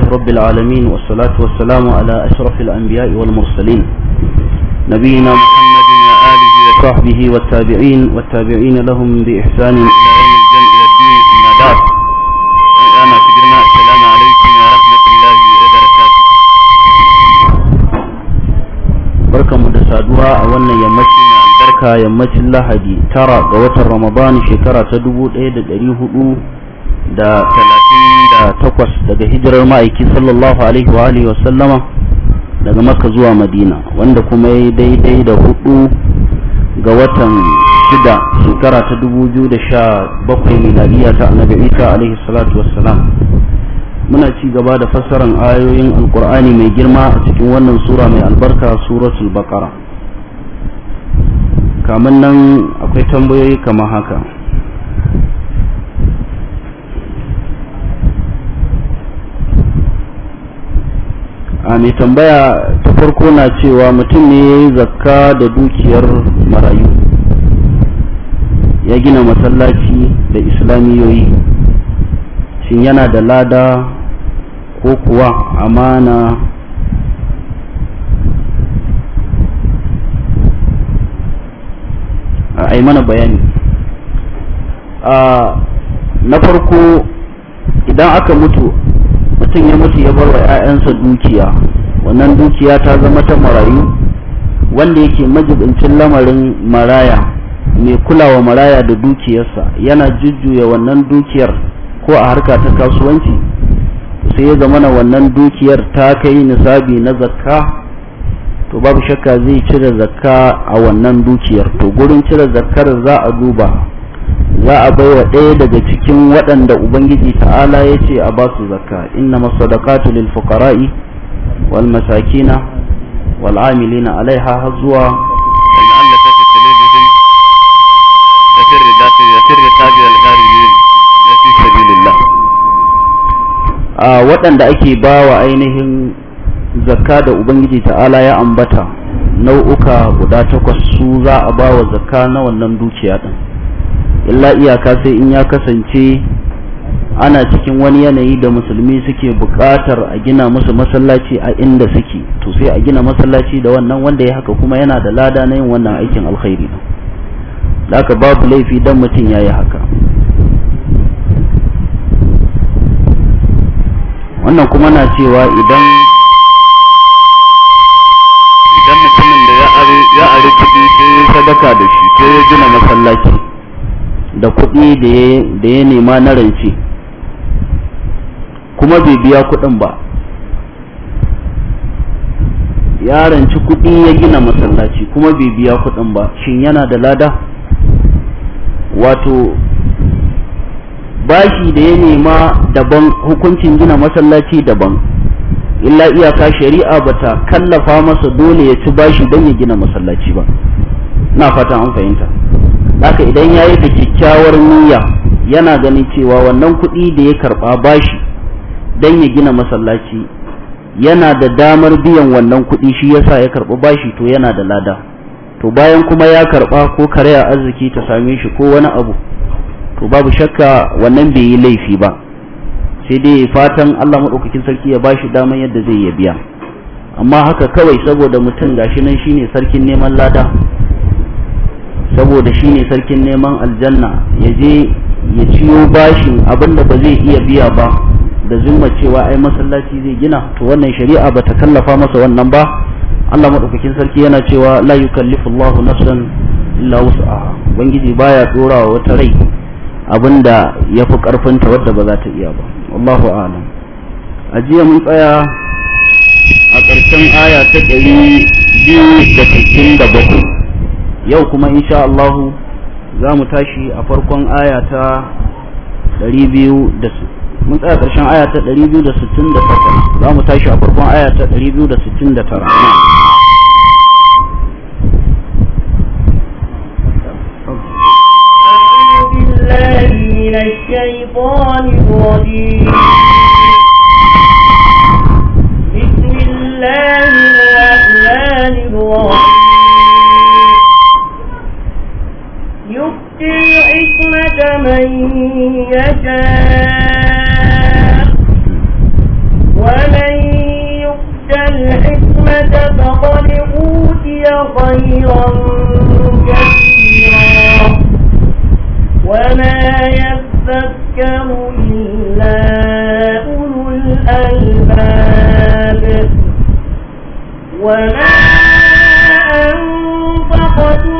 لله رب العالمين والصلاة والسلام على أشرف الأنبياء والمرسلين نبينا محمد وآله وصحبه والتابعين والتابعين لهم بإحسان إلى يوم الدين إلى الدين أما بعد أنا فكرنا السلام عليكم ورحمة الله وبركاته بركة مدسادوها أولا يمشي albarka yammacin الله tara ترى قوة رمضان shekara ta dubu ɗaya دا ɗari takwas daga hijirar ma'aiki sallallahu alaihi wa alihi wasallama daga maka zuwa madina wanda kuma ya daidai da hudu ga watan shida shekara ta dubu biyu da sha bakwai miladiya ta annabi isa alaihi salatu wassalam muna ci gaba da fassarar ayoyin alkur'ani mai girma a cikin wannan sura mai albarka suratul baqara kamar nan akwai tambayoyi kamar haka a mai tambaya ta farko na cewa mutum ne ya yi zakka da dukiyar marayu ya gina masallaci da islamiyoyi shin yana da lada ko kuwa amana a yi mana bayani na farko idan aka mutu mutum ya mutu ya bar wa 'ya'yansa dukiya wannan dukiya ta zama ta marayu wanda yake majibincin lamarin maraya mai kulawa maraya da dukiyarsa yana jujjuya wannan dukiyar ko a harka ta kasuwanci sai ya zama na wannan dukiyar ta kai nisabi na zakka to babu shakka zai cire zakka a wannan dukiyar to gurin cire zakkar za a duba za a bai wa ɗaya daga cikin waɗanda ubangiji ta'ala ya ce a ba su zakka inna masadaqatu lil fuqara'i wal masakina wal amilina alaiha har zuwa a waɗanda ake ba wa ainihin zakka da ubangiji ta'ala ya ambata nau'uka guda takwas su za a ba wa zakka na wannan dukiya ɗin illa iyaka sai in ya kasance ana cikin wani yanayi da musulmi suke buƙatar a gina musu masallaci a inda suke to sai a gina masallaci da wannan wanda ya haka kuma yana da lada na yin wannan aikin alkhairi da haka babu laifi dan mutum ya yi haka wannan kuma na cewa idan idan mutumin da ya ari ciki sai sadaka da shi sai ya gina masallaci da kuɗi da ya nema na rance kuma bai biya kuɗin ba ya ranci kuɗi ya gina masallaci kuma bai biya kuɗin ba shin yana da lada wato bashi da ya nema daban hukuncin gina masallaci daban illa iyaka shari'a bata kallafa masa dole ya ci bashi don ya gina masallaci ba na fata an fahimta haka idan ya yi da kyakkyawar niyya yana ganin cewa wannan kuɗi da ya karɓa bashi don ya gina masallaci yana da damar biyan wannan kuɗi shi yasa ya karɓi bashi to yana da lada to bayan kuma ya karɓa ko karya arziki ta same shi ko wani abu to babu shakka wannan bai yi laifi ba sai dai fatan Allah maɗaukakin sarki ya bashi damar yadda zai ya biya amma haka kawai saboda mutum gashi nan shine sarkin neman lada saboda shi ne sarkin neman aljanna ya je ya ciyo bashin abinda da ba zai iya biya ba da zuma cewa ai masallaci zai gina to wannan shari'a ba ta kallafa masa wannan ba Allah madaukakin sarki yana cewa la yukallifu Allahu nafsan illa wus'a bangiji baya dora wa wata rai abinda yafi ta wadda ba za ta iya ba wallahu a'lam a mun tsaya a ƙarshen aya ta ɗari biyu da da yau kuma insha Allah za mu tashi a farkon aya ta 200 mun tsaya ƙarshen aya ta 268 za mu tashi a farkon aya ta 269 من الشيطان الرجيم بسم الله الرحمن الرحيم يؤتي الحكمة من يشاء ومن يؤت الحكمة فقد أوتي خيرا كثيرا وما يذكر إلا أولو الألباب وما أنفقتم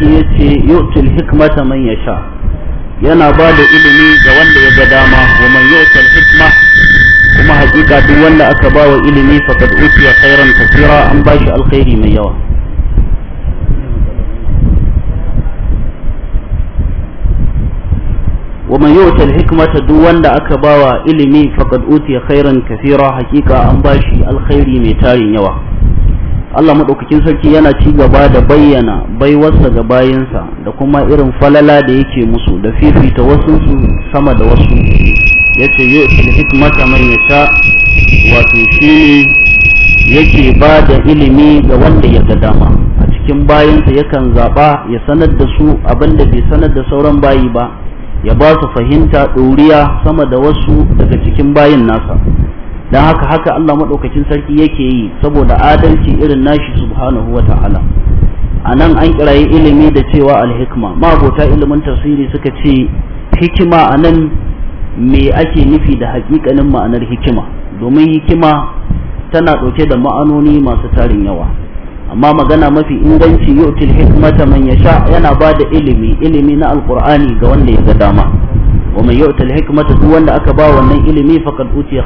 sarki ya ce yu'til hikmata man yana ba da ilimi ga wanda ya ga dama wa man hikma kuma hakika duk wanda aka ba wa ilimi faqad utiya khairan kathira an ba shi alkhairi mai yawa hakika an ba shi mai tarin yawa Allah maɗaukakin sarki yana ci gaba da bayyana baiwarsa ga bayansa da kuma irin falala da yake musu da fifita wasu su sama da wasu ya ce yi hikmata man yasha wato yake ba da ilimi ga wanda ya ga dama a cikin bayansa yakan zaɓa ya sanar da su abin da bai sanar da sauran bayi ba ya ba su fahimta ɗoriya sama da wasu daga cikin bayin nasa dan haka haka Allah maɗaukacin sarki yake yi saboda adalci irin nashi subhanahu wa ta'ala an kirayi ilimi da cewa alhikma mabota ilimin tafsiri suka ce hikima a nan me ake nufi da hakikanin ma'anar hikima domin hikima tana ɗauke da ma'anoni masu tarin yawa amma magana mafi inganci yutil hikmata man yasha yana ba da ilimi ilimi na alkur'ani ga wanda ya ga dama wa يؤت الحكمة al-hikmata duk wanda aka ba wannan ilimi faqad utiya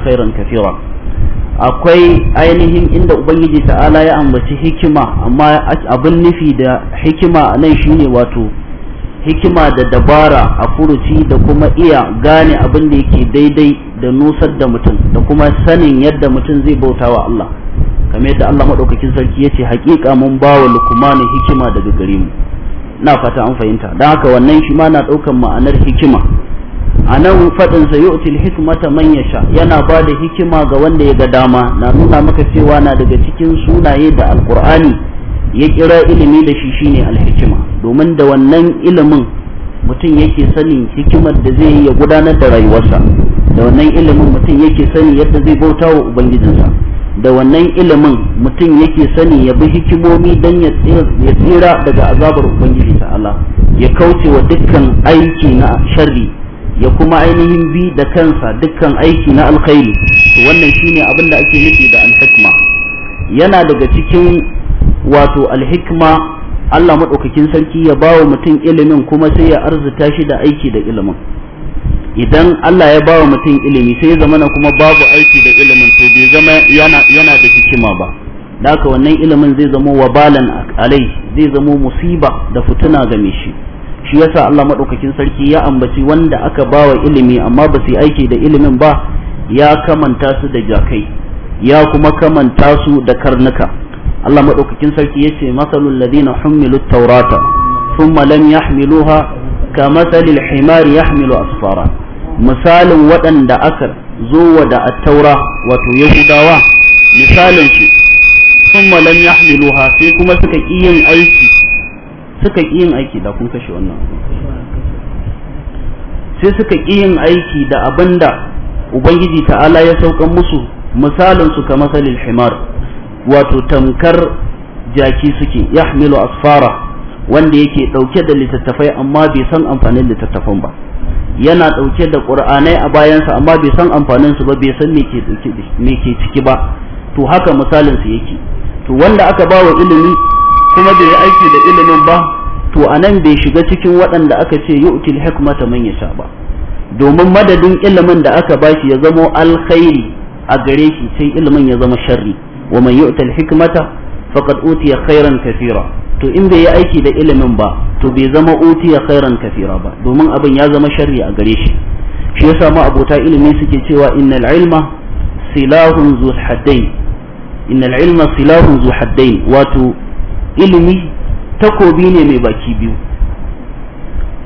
akwai ainihin inda ubangiji ta'ala ya ambaci hikima amma abin nufi da hikima nan shine wato hikima da dabara a furuci da kuma iya gane abin da yake daidai da nusar da mutum da kuma sanin yadda mutum zai bauta wa Allah kamar yadda Allah maɗaukakin sarki ya ce haƙiƙa mun ba wa hikima daga gare mu na fata an fahimta dan haka wannan shi ma na ɗaukan ma'anar hikima a nan faɗinsa yu'til hikmata man sha yana ba da hikima ga wanda ya ga dama na nuna maka cewa na daga cikin sunaye da alkur'ani ya kira ilimi da shi shine alhikima domin da wannan ilimin mutum yake sanin hikimar da zai ya gudanar da rayuwarsa da wannan ilimin mutum yake sani yadda zai bauta wa ubangijinsa da wannan ilimin mutum yake sani ya bi hikimomi don ya tsira daga azabar ubangiji ta'ala ya kauce wa dukkan aiki na sharri ya kuma ainihin bi da kansa dukkan aiki na alkhairi wannan shine abin da ake nufi da alhikma yana daga cikin wato alhikma Allah maɗaukakin sarki ya ba wa mutum ilimin kuma sai ya arzuta shi da aiki da ilimin idan Allah ya bawa mutum ilimi sai ya na kuma babu aiki da ilimin to bai zama yana yana da hikima ba da haka wannan ilimin zai zama wabalan alai zai zama musiba da fituna game shi shi yasa Allah madaukakin sarki ya ambaci wanda aka bawa ilimi amma ba su aiki da ilimin ba ya kamanta su da jakai ya kuma kamanta su da karnuka Allah madaukakin sarki yace masalul ladina humilu tawrata thumma lam yahmiluha kamathali al-himari yahmilu asfara misalin waɗanda aka zo da at wato yahudawa misalin shi thumma lam yahmiluha sai kuma suka yin aiki suka ƙi yin aiki da kun kashe wannan sai suka ƙi yin aiki da abin da ubangiji ta'ala ya saukan musu misalin su kamar salil himar wato tamkar jaki suke yahmilu asfara wanda yake ɗauke da littattafai amma bai san amfanin littattafan ba yana ɗauke da ƙur'anai a bayansa amma bai san amfanin su ba bai san me ke ciki ba to haka misalin su yake to wanda aka bawa ilimi kuma bai yi aiki da ilimin ba to anan bai shiga cikin waɗanda aka ce yu'til hikmata man yasha ba domin madadin ilimin da aka bashi ya zamo alkhairi a gare shi sai ilimin ya zama sharri wa man yu'tal hikmata faqad utiya khairan kafira to in bai yi aiki da ilimin ba to bai zama utiya khairan kafira ba domin abin ya zama sharri a gare shi shi yasa ma abota ilimi suke cewa innal ilma silahun zu innal ilma silahun zu wato ilimi takobi ne mai baki biyu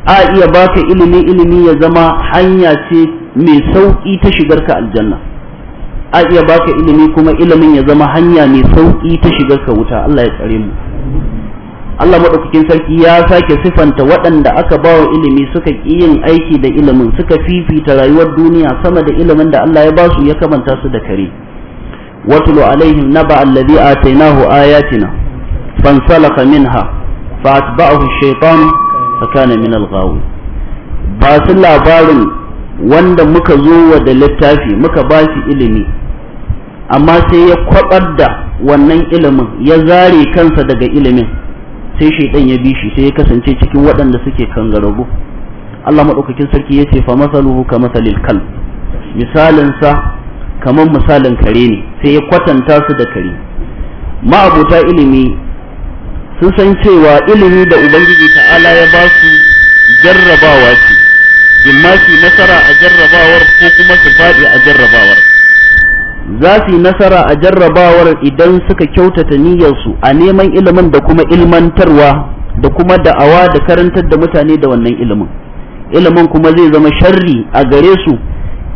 a iya baka ilimi ilimi ya zama hanya ce mai sauƙi ta shigar ka aljanna a iya baka ilimi kuma ilimin ya zama hanya mai sauki ta shigar ka wuta Allah ya tsare mu Allah maɗaukakin sarki ya sake sifanta waɗanda aka ba wa ilimi suka ƙi yin aiki da ilimin suka fifita rayuwar duniya sama da ilimin da Allah ya ba su ya kamanta su da kare watulu alaihim naba alladhi atainahu ayatina فانسلخ منها فأتبعه الشيطان فكان من ba su labarin wanda muka zo wa da littafi muka ba shi ilimi amma sai ya kwabar da wannan ilimin ya zare kansa daga ilimin sai shaitan ya bi shi sai ya kasance cikin waɗanda suke kangarago Allah maɗaukakin sarki ya ce fa masaluhu ka masalil misalinsa kamar misalin kare ne sai ya kwatanta su da kare ma'abota ilimi sun san cewa ilimi da ubangiji ta'ala ya ba su jarrabawa ce imma su nasara a jarrabawar ko kuma su faɗi a jarrabawar za su yi nasara a jarrabawar idan suka kyautata niyyarsu a neman ilimin da kuma ilmantarwa da kuma da'awa da karantar da mutane da wannan ilimin ilimin kuma zai zama sharri a gare su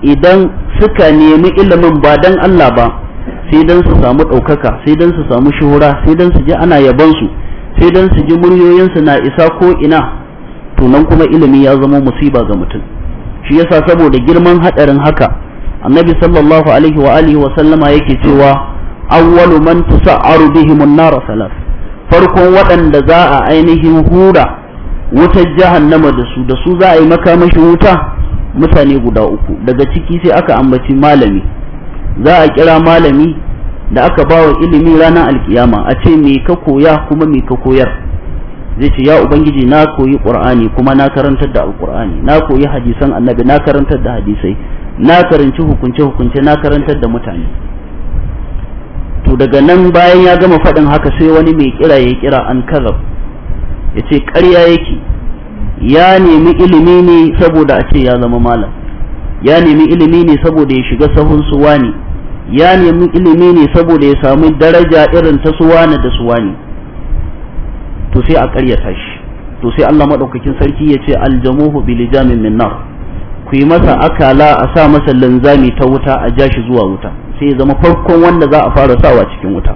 idan suka nemi ilimin ba dan Allah ba sai dan su samu ɗaukaka sai dan su samu shuhura sai dan su ji ana yabansu sai dan su ji muryoyinsu na isa ko ina to kuma ilimi ya zama musiba ga mutum shi yasa saboda girman hadarin haka annabi sallallahu alaihi wa alihi wa sallama yake cewa awwalu man tusa'aru bihim an-nar salas farkon waɗanda za a ainihin hura wutar jahannama da su da su za a yi makamashi wuta mutane guda uku daga ciki sai aka ambaci malami za a kira malami da aka bawa ilimi ranar alkiyama a ce me ka koya kuma me ka koyar zai ce ya ubangiji na koyi qur'ani kuma na karantar da alqur'ani na koyi hadisan annabi na karantar da hadisai na karanci hukunce hukunce na karantar da mutane to daga nan bayan ya gama faɗin haka sai wani mai kira ya kira an kazab ya ce ƙarya yake ya nemi ilimi ne saboda a ce ya zama malam ya nemi ilimi ne saboda ya shiga sahun suwa ne ya nemi ilimi ne saboda ya samu daraja irin ta suwana da suwani to sai a ƙarya shi to sai Allah madaukakin sarki ya ce aljamuhu bilijamin min nar ku yi masa akala a sa masa linzami ta wuta a jashi zuwa wuta sai ya zama farkon wanda za a fara sawa cikin wuta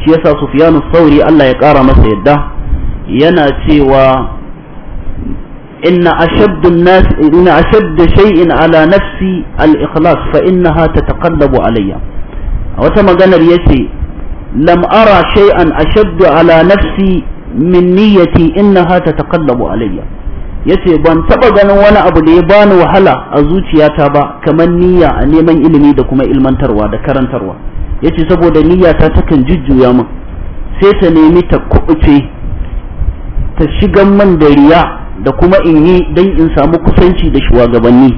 shi yasa Sufyanu sauri Allah ya ƙara masa yadda yana cewa إن أشد, الناس إن أشد شيء على نفسي الإخلاص فإنها تتقلب علي وثم قال اليسي لم أرى شيئا أشد على نفسي من نيتي إنها تتقلب علي يسي بان تبقى وأنا أبو ليبان وهلا أزوتي يا تابا كمن نية أن يمن إلمي دكما إلمان تروى دكاران تروى يسي سبو دنية تتكن ججو ياما سيسا نيمي تكوتي تشيقا من دريا da kuma in yi don in samu kusanci da shugabanni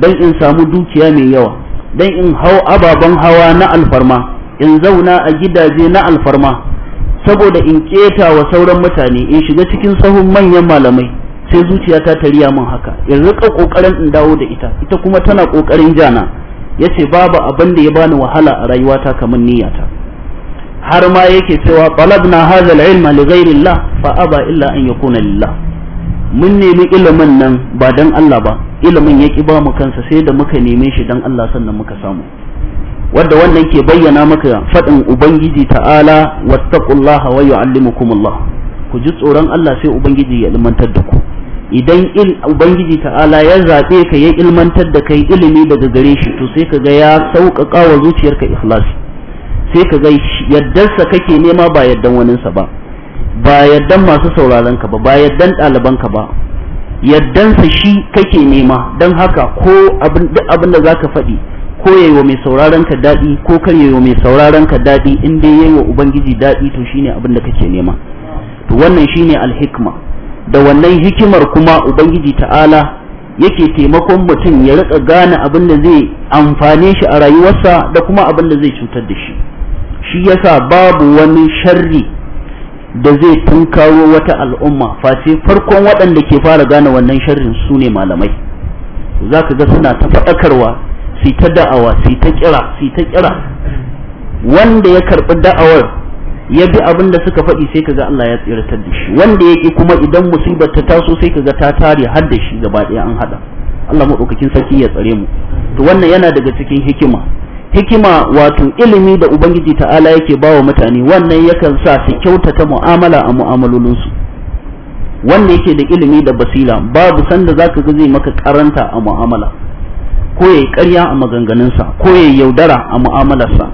don in samu dukiya mai yawa don in hau ababen hawa na alfarma in zauna a gidaje na alfarma saboda in keta wa sauran mutane in shiga cikin sahun manyan malamai sai zuciyata ta riya min haka in rika kokarin in dawo da ita ita kuma tana kokarin jana yace babu abin da ya bani wahala a rayuwata kamar niyyata har ma yake cewa talabna na hazal ilma li ghayri fa aba illa an yakuna lillah mun nemi ilimin nan ba dan Allah ba ilimin ya ki ba mu kansa sai da muka neme shi dan Allah sannan muka samu wadda wannan ke bayyana maka faɗin ubangiji ta'ala wattaqullaha wa yu'allimukumullah ku ji tsoron Allah sai ubangiji ya ilmantar da ku idan il ubangiji ta'ala ya zaɓe ka ya ilmantar da kai ilimi daga gare shi to sai kaga ya sauƙaƙa wa zuciyarka ikhlasi sai kaga yaddarsa kake nema ba yaddan waninsa ba ba yaddan masu sauraron ka ba ba yaddan ɗaliban ka ba sa shi kake nema don haka ko abin da za ka faɗi ko yayi wa mai sauraron ka daɗi ko kan yayi wa mai sauraron ka daɗi in dai yayi wa ubangiji daɗi to shine abin da kake nema to wannan shine alhikma da wannan hikimar kuma ubangiji ta'ala yake taimakon mutum ya rika gane abin da zai amfane shi a rayuwarsa da kuma abin da zai cutar da shi shi yasa babu wani sharri da zai tunkaro wata al'umma face farkon waɗanda ke fara gane wannan sharrin su ne malamai za ka ga suna ta faɗakarwa su ta da'awa su ta kira su ta kira wanda ya karɓi da'awar ya bi abin da suka faɗi sai ka ga Allah ya tsiratar da shi wanda ya ƙi kuma idan musibar ta taso sai ka ga ta tare har da shi gaba ɗaya an haɗa Allah maɗaukakin sarki ya tsare mu to wannan yana daga cikin hikima hikima wato ilimi da ubangiji ta'ala yake ba wa mutane wannan yakan sa su kyautata mu'amala a mu'amalolinsu wanda yake da ilimi da basira babu sanda zaka ga zai maka karanta a mu'amala ko ya yi karya a maganganunsa ko yi yaudara a mu'amalarsa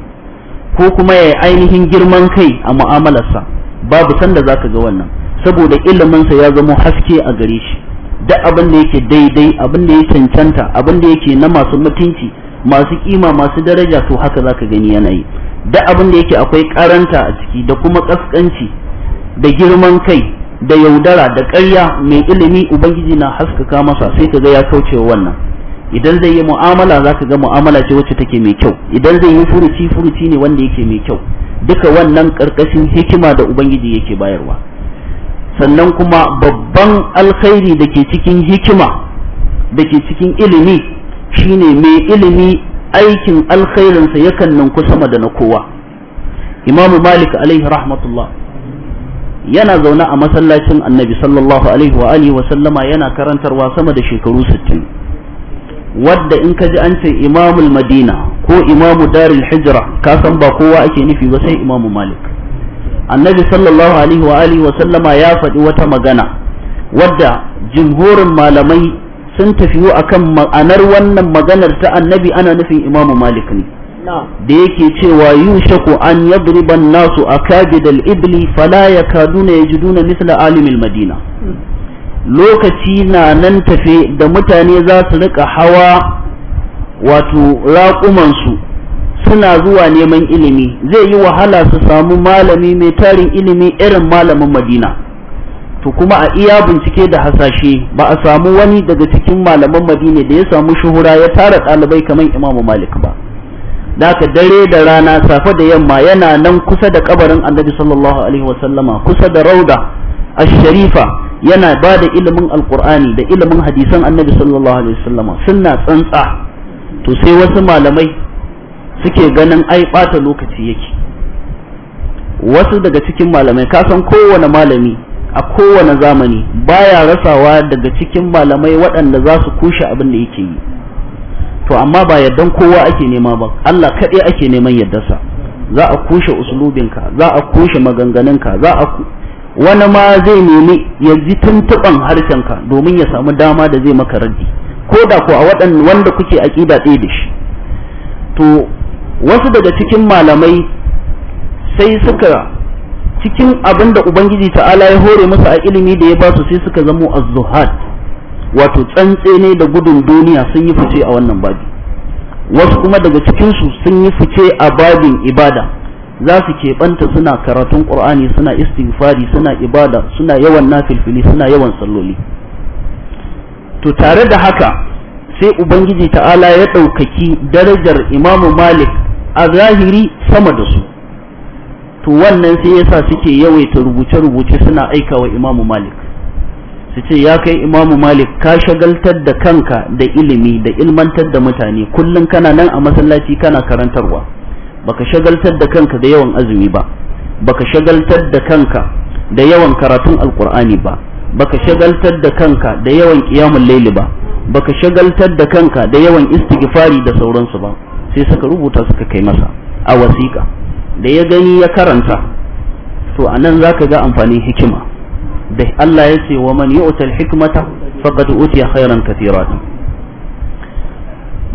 ko kuma ya yi ainihin girman kai a mu'amalarsa babu sanda zaka ga wannan saboda iliminsa ya zama haske a gare shi duk abin da yake daidai abin da ya cancanta abin da yake na masu mutunci masu kima masu daraja to haka zaka gani yana yi da abin da yake akwai karanta a ciki da kuma kaskanci da girman kai da yaudara da ƙarya mai ilimi ubangiji na haskaka masa sai ka ga ya kauce wannan idan zai yi mu'amala zaka ga mu'amala ce wacce take mai kyau idan zai yi furuci furuci ne wanda yake mai kyau duka wannan karkashin hikima da ubangiji yake bayarwa sannan kuma babban alkhairi da ke cikin hikima da ke cikin ilimi shine mai ilimi aikin alkhairinsa yakan ninku sama da na kowa imamu malik alaihi rahmatullah yana zaune a masallacin annabi sallallahu alaihi wa alihi wa sallama yana karantarwa sama da shekaru 60 wadda in ka ji an ce imamul madina ko imamu daril hijra ka san ba kowa ake nufi ba sai imamu malik annabi sallallahu alaihi wa alihi wa sallama ya faɗi wata magana wadda jimhurin malamai sun tafiyo kan ma'anar wannan maganar ta annabi ana nufin imamu malik ne da yake cewa yushaku an yadriban nasu a kabidal ibli fala ya ya ji duna mithla alimil madina lokaci na nan tafe da mutane za su rika hawa wato raƙumansu suna zuwa neman ilimi zai yi wahala su samu malami mai tarin ilimi irin malamin madina to kuma a iya bincike da hasashe ba a samu wani daga cikin malaman madina da ya samu shuhura ya tara ɗalibai kamar imamu malik ba da ka dare da rana safe da yamma yana nan kusa da kabarin annabi sallallahu alaihi wasallama kusa da rauda ash-sharifa yana ba da ilimin alqur'ani da ilimin hadisan annabi sallallahu alaihi wasallama sunna tsantsa to sai wasu malamai suke ganin ai bata lokaci yake wasu daga cikin malamai kasan kowane malami a kowane zamani baya rasawa daga cikin malamai waɗanda za su kushe abin da yake yi to amma ba yardan kowa ake nema ba Allah kaɗai ake neman yardarsa za a kushe usulubinka za a kushe maganganunka za a wani ma zai nemi ya ji tuntuɓan harshenka domin ya samu dama da zai maka raddi ko da ko a waɗanda wanda kuke aƙida ɗaya da shi to wasu daga cikin malamai sai suka cikin abin da ubangiji ta'ala ya hore musu a ilimi da ya ba su sai suka zamo azuhad zuhad wato tsantse ne da gudun duniya sun yi fice a wannan babi wasu kuma daga cikin su sun yi fice a babin ibada za su keɓanta suna karatun Ƙur'ani, suna istighfari suna ibada suna yawan nafilfili suna yawan salloli to tare da haka sai ubangiji ta'ala ya ɗaukaki darajar imamu malik a zahiri sama da su to wannan sai yasa suke yawaita rubuce-rubuce suna aika wa imamu malik su ce ya kai imamu malik ka shagaltar da kanka da ilimi da ilmantar da mutane kullum kana nan a masallaci kana karantarwa baka shagaltar da kanka da yawan azumi ba baka shagaltar da kanka da yawan karatun alkur'ani ba baka shagaltar da kanka da yawan kiyamun laili ba baka shagaltar da kanka da yawan istighfari da sauransu ba sai suka rubuta suka kai masa a wasiƙa da ya gani ya karanta to anan zaka ga amfanin hikima da Allah ya ce wa man yu'ta al-hikmata faqad utiya khairan katira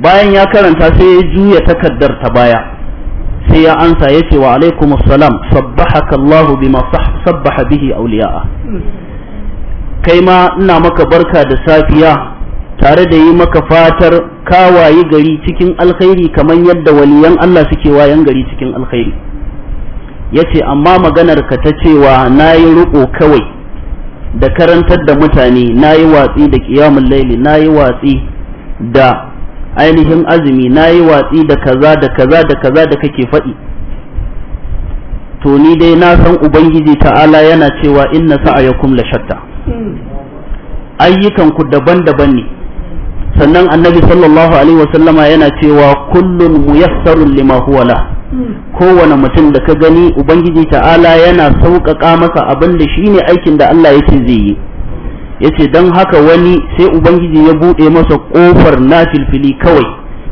bayan ya karanta sai ya juya takardar ta baya sai ya ansa ya ce wa alaikum assalam sabbahaka Allah bima sabbaha bihi auliya'a kai ma ina maka barka da safiya tare da yi maka fatar kawaye gari cikin alkhairi kamar yadda waliyan Allah suke wayan gari cikin alkhairi ya ce amma maganar ka ta cewa nayi ruko kawai da karantar da mutane nayi watsi da qiyamul layli nayi watsi da ainihin azumi nayi watsi da kaza da kaza da kaza da kake faɗi to ni dai na san ubangiji ta'ala yana cewa inna sa'ayakum la shatta ayyukan ku daban-daban ne sannan annabi sallallahu alaihi wasallama yana cewa kullun muyassarun lima huwa la kowane mutum da ka gani ubangiji ta'ala yana sauƙaƙa masa abin da ne aikin da Allah yake zai yi yace don haka wani sai ubangiji ya bude masa kofar nafilfili kawai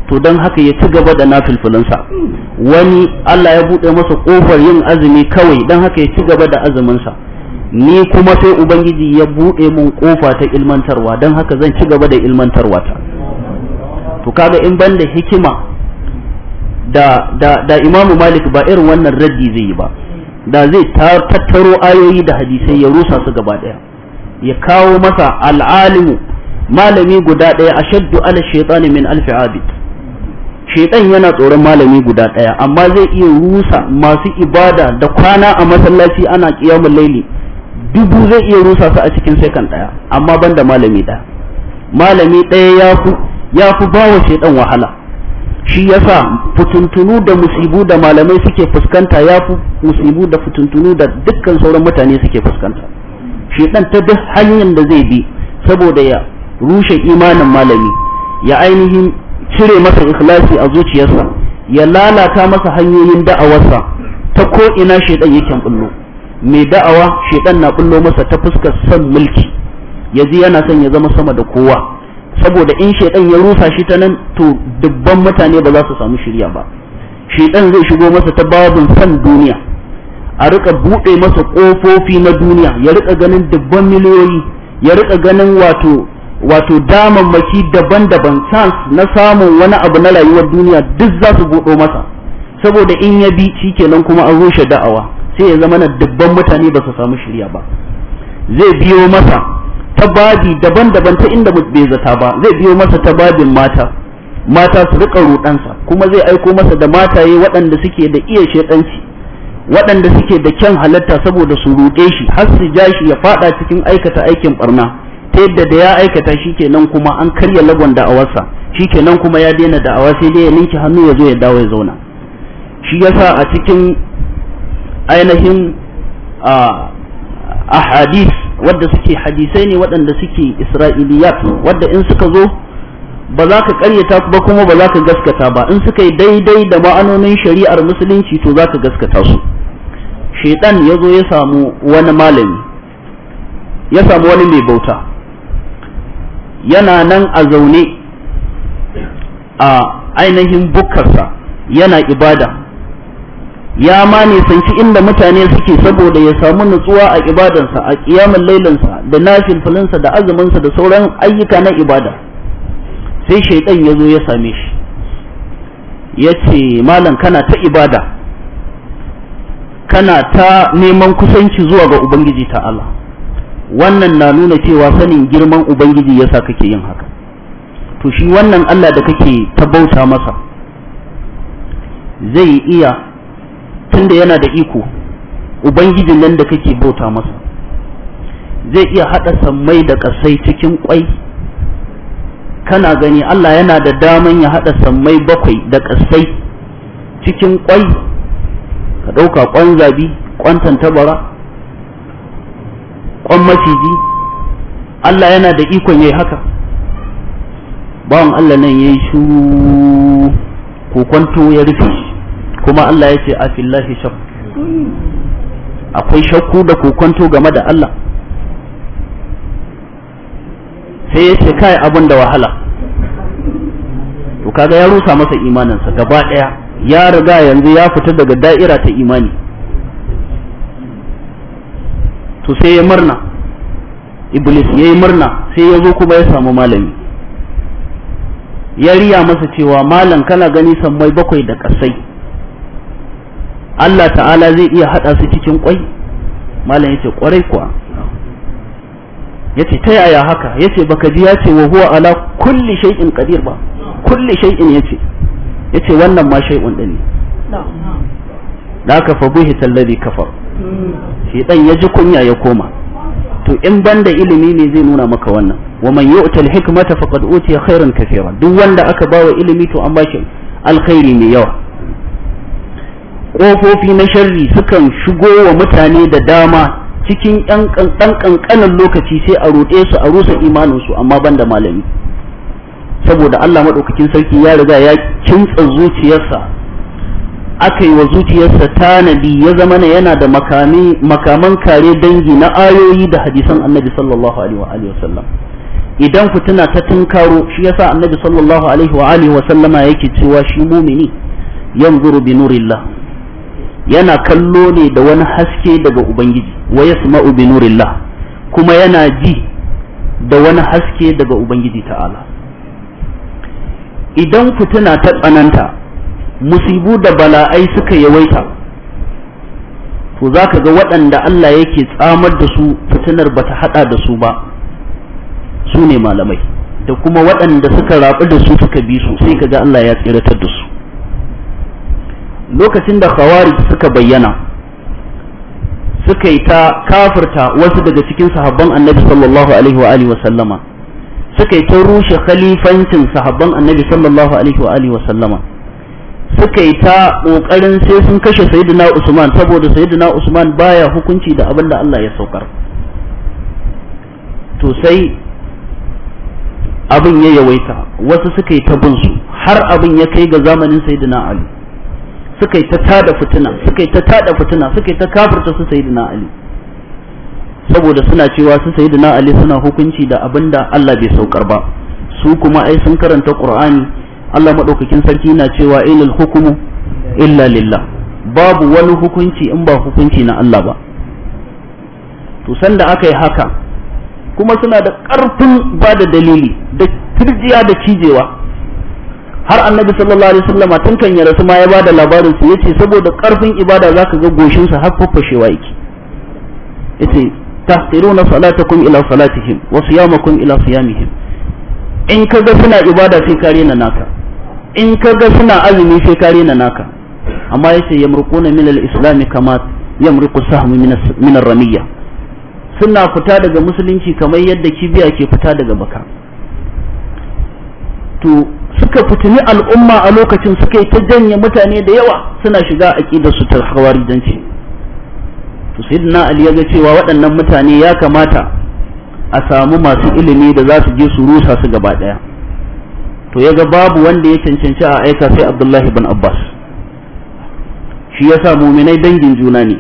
to don haka ya ci gaba da nafilfilinsa wani Allah ya bude masa kofar yin azumi kawai don haka ya ci gaba da azuminsa ni kuma sai ubangiji ya bude mun kofa ta ilmantarwa don haka zan ci gaba da ilmantarwa ta to kaga in ban da hikima da da da imamu malik ba irin wannan raddi zai yi ba da zai tattaro ayoyi da hadisai ya rusa su gaba daya ya kawo masa al'alimu malami guda daya ashaddu ala shaytan min alf abid shaytan yana tsoron malami guda daya amma zai iya rusa masu ibada da kwana a masallaci ana qiyamul laili dubu zai iya rusa su a cikin sekan daya amma banda malami daya malami daya ya fi ya fi bawa shaytan wahala shi yasa fituntunu da musibu da malamai suke fuskanta ya fi musibu da fituntunu da dukkan sauran mutane suke fuskanta shi dan ta duk hanyar da zai bi saboda ya rushe imanin malami ya ainihin cire masa ikhlasi a zuciyarsa ya lalata masa hanyoyin da'awarsa ta ko ina shedan yake bullo mai da'awa shedan na bullo masa ta fuskar son mulki yaji yana son ya zama sama da kowa saboda in shaitan ya rusa shi ta nan to dubban mutane ba za su samu shirya ba shaitan zai shigo masa ta babin san duniya a rika buɗe masa ƙofofi na duniya ya rika ganin dubban miliyoyi ya rika ganin wato wato damammaki daban-daban sans na samun wani abu na rayuwar duniya duk za su buɗo masa saboda in ya bi kenan kuma an rushe da'awa sai ya zama na dubban mutane ba su samu shirya ba zai biyo masa ta babi daban-daban ta inda bai zata ba zai biyo masa ta babin mata mata su rika rudansa kuma zai aiko masa da mataye waɗanda suke da iya shedanci waɗanda suke da kyan halatta saboda su ruɗe shi har su ja shi ya faɗa cikin aikata aikin barna ta yadda da ya aikata shi kenan kuma an karya lagon da'awarsa shi kenan kuma ya daina da'awa sai dai ya linki hannu ya zo ya dawo ya zauna shi yasa a cikin ainihin a ah, ahadis wadda suke hadisai ne waɗanda suke isra'iliyat wadda in suka zo ba za ka karyata ba kuma ba za ka gaskata ba in suka yi daidai da ma'anonin shari'ar musulunci to za ka gaskata su shaitan ya zo ya samu wani malami ya samu wani mai bauta yana nan a zaune a ainihin bukarsa yana ibada ya ma nisanci inda mutane suke saboda ya samu nutsuwa a ibadansa a ƙiyamin lailansa da filinsa da azuminsa da sauran ayyuka na ibada sai shaidan ya zo ya same shi ya ce malam kana ta ibada kana ta neman kusanci zuwa ga ubangiji ta Allah wannan na nuna cewa sanin girman ubangiji ya sa kake yin haka to shi wannan Allah da kake ta bauta masa zai iya tunda yana da iko ubangiji nan da kake bauta masa zai iya haɗa sammai da ƙasai cikin ƙwai kana gani Allah yana da daman ya haɗa sammai bakwai da ƙasai cikin ƙwai ka ɗauka ƙwan zabi ƙwan tantabara ƙwan maciji Allah yana da ikon yayi haka bawan Allah nan yi shuru kwanto ya rufe shi kuma Allah ya ce a fillahi shakku akwai shakku da kokonto game da Allah sai ya ce kai abin da wahala to kaga ya rusa masa imaninsa gaba ɗaya ya riga yanzu ya fita daga da'ira ta imani to sai ya murna iblis ya yi murna sai ya zo kuma ya samu malami ya riya masa cewa malam kana gani sammai bakwai da kasai Allah ta'ala zai iya haɗa su cikin kwai malam yace kwarai kuwa yace ta yaya haka yace baka ji yace wa huwa ala kulli shay'in qadir ba kulli shay'in yace yace wannan ma shay'un din ne da aka fa bihi alladhi kafar shi dan ya ji kunya ya koma to in banda ilimi ne zai nuna maka wannan wa man yu'ta al-hikmata faqad utiya khairan kaseeran duk wanda aka bawa ilimi to an bashi alkhairi mai yawa ƙofofi na sharri sukan shigo wa mutane da dama cikin ɗan ƙanƙanin lokaci sai a roɗe su a rusa imaninsu amma ban da malami saboda Allah maɗaukakin sarki ya riga ya kintsa zuciyarsa aka yi wa zuciyarsa tanadi ya zama na yana da makaman kare dangi na ayoyi da hadisan annabi sallallahu alaihi wa sallam idan fituna ta tunkaro shi yasa annabi sallallahu alaihi wa alihi yake cewa shi mumini yanzuru bi nurillah yana kallo ne da wani haske daga ubangiji wa yasma'u bi nurillah kuma yana ji da wani haske daga ubangiji ta'ala idan fituna ta tsananta musibu da bala'ai suka yawaita to za ka ga waɗanda Allah yake tsamar da su fitinar ba ta haɗa da su ba su ne malamai da kuma waɗanda suka rafi da su suka bi su sai ka ga Allah ya tsiratar da su lokacin da khawari suka bayyana suka yi ta kafirta wasu daga cikin sahabban annabi sallallahu alaihi wa alihi wa sallama suka yi ta rushe khalifancin sahabban annabi sallallahu alaihi wa alihi wa sallama suka yi ta kokarin sai sun kashe sayyidina usman saboda sayyidina usman baya hukunci da abin da Allah ya saukar to sai abin ya yawaita wasu suka yi ta bin su har abin ya kai ga zamanin sayyidina ali suka yi ta tada fitina suka yi ta tada fitina suka yi ta kafirta su sayyidina ali saboda suna cewa su sayyidina ali suna hukunci da abinda Allah bai saukar ba su kuma ai sun karanta qur'ani Allah madaukakin sarki na cewa ilal hukumu illa lillah babu wani hukunci in ba hukunci na Allah ba to sanda aka yi haka kuma suna da karfin ba da dalili da turjiya da cijewa har annabi sallallahu alaihi wasallama tun kan ya rasu ma ya bada labarin su yace saboda karfin ibada zaka ga goshin sa har fafashewa yake yace tahtiruna salatakum ila salatihim wa siyamakum ila siyamihim in kaga suna ibada sai kare na naka in kaga suna azumi sai kare na naka amma yace yamruquna min al-islam kama yamruqu sahmu min ar-ramiyya suna fita daga musulunci kamar yadda kibiya ke fita daga baka to suka fitini al'umma a lokacin suka yi ta janye mutane da yawa suna shiga aƙidar su ta hawarijanci to na ali ya ga cewa waɗannan mutane ya kamata a samu masu ilimi da za su je su rusa su gaba ɗaya to ya ga babu wanda ya cancanci a aika sai abdullahi bin abbas shi ya sa muminai dangin juna ne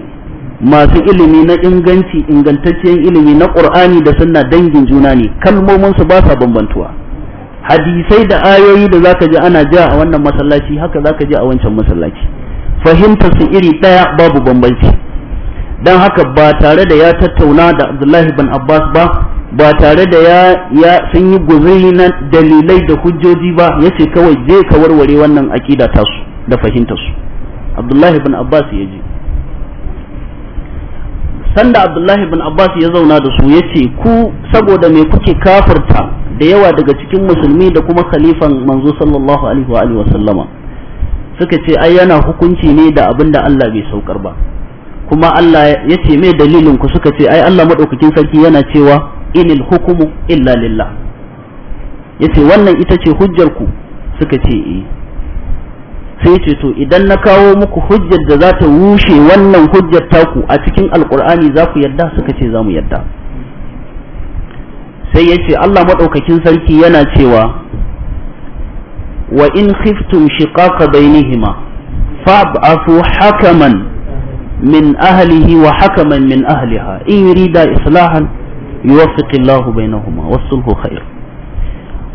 masu ilimi na inganci ingantaccen ilimi na ƙur'ani da sunna dangin juna ne kalmominsu ba sa bambantuwa hadisai da ayoyi da zaka ji ana ja a wannan masallaci haka zaka ji a wancan masallaci fahimta su iri daya babu bambanci dan haka ba tare da ya tattauna da Abdullahi bin Abbas ba ba tare da ya ya sun yi guzuri na dalilai da hujjoji ba yace kawai je ka warware wannan akida tasu da fahimta su Abdullahi bin Abbas ya je sanda Abdullahi bin Abbas ya zauna da su yace ku saboda me kuke kafirta da yawa daga cikin musulmi da kuma khalifan manzo sallallahu alaihi wa alihi wa sallama suka ce ai yana hukunci ne da abin da Allah bai saukar ba kuma Allah ya ce me dalilin ku suka ce ai Allah madaukakin sarki yana cewa inil hukumu illa lillah ce wannan ita ce hujjar ku suka ce eh sai ce to idan na kawo muku hujjar da za ta rushe wannan hujjar taku a cikin alkur'ani za ku yarda suka ce za mu yarda sai ya ce Allah maɗaukakin sarki yana cewa wa in khiftum shiqaqa bainihima fab'athu hakaman min ahlihi wa hakaman min ahliha in yurida islahan yuwaffiq Allah bainahuma wasulhu khair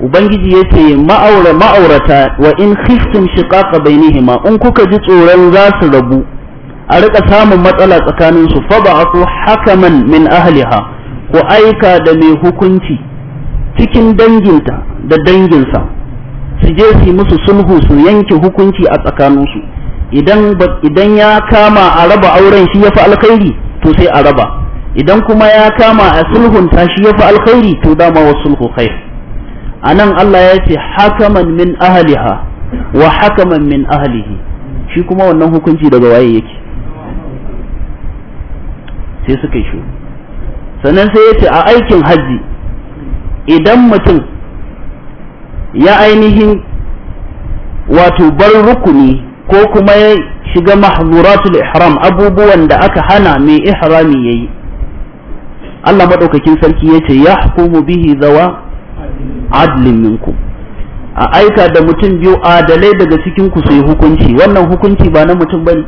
ubangiji yace ma'aura ma'aurata wa in khiftum shiqaqa bainihima in kuka ji tsoron za su rabu a rika samun matsala tsakanin su fab'athu hakaman min ahliha ku aika da mai hukunci cikin danginta da danginsa su je su musu sulhu su yanke hukunci a tsakaninsu idan ya kama a raba auren shi ya fi alkhairi to sai a raba idan kuma ya kama a sulhunta shi ya fi alkhairi to dama wa sulhu khair anan Allah ya ce hakaman min ahliha wa hakaman min ahlihi shi kuma wannan hukunci daga waye yake sai suka yi sannan sai yace a aikin hajji idan mutum ya ainihin wato bar rukuni ko kuma ya shiga mahzuratul ihram abubuwan da aka hana mai ihrami yayi Allah madaukakin sarki yace yahkumu bihi zawa adlin minkum a aika da mutum biyu adalai daga cikin ku sai hukunci wannan hukunci ba na mutum bane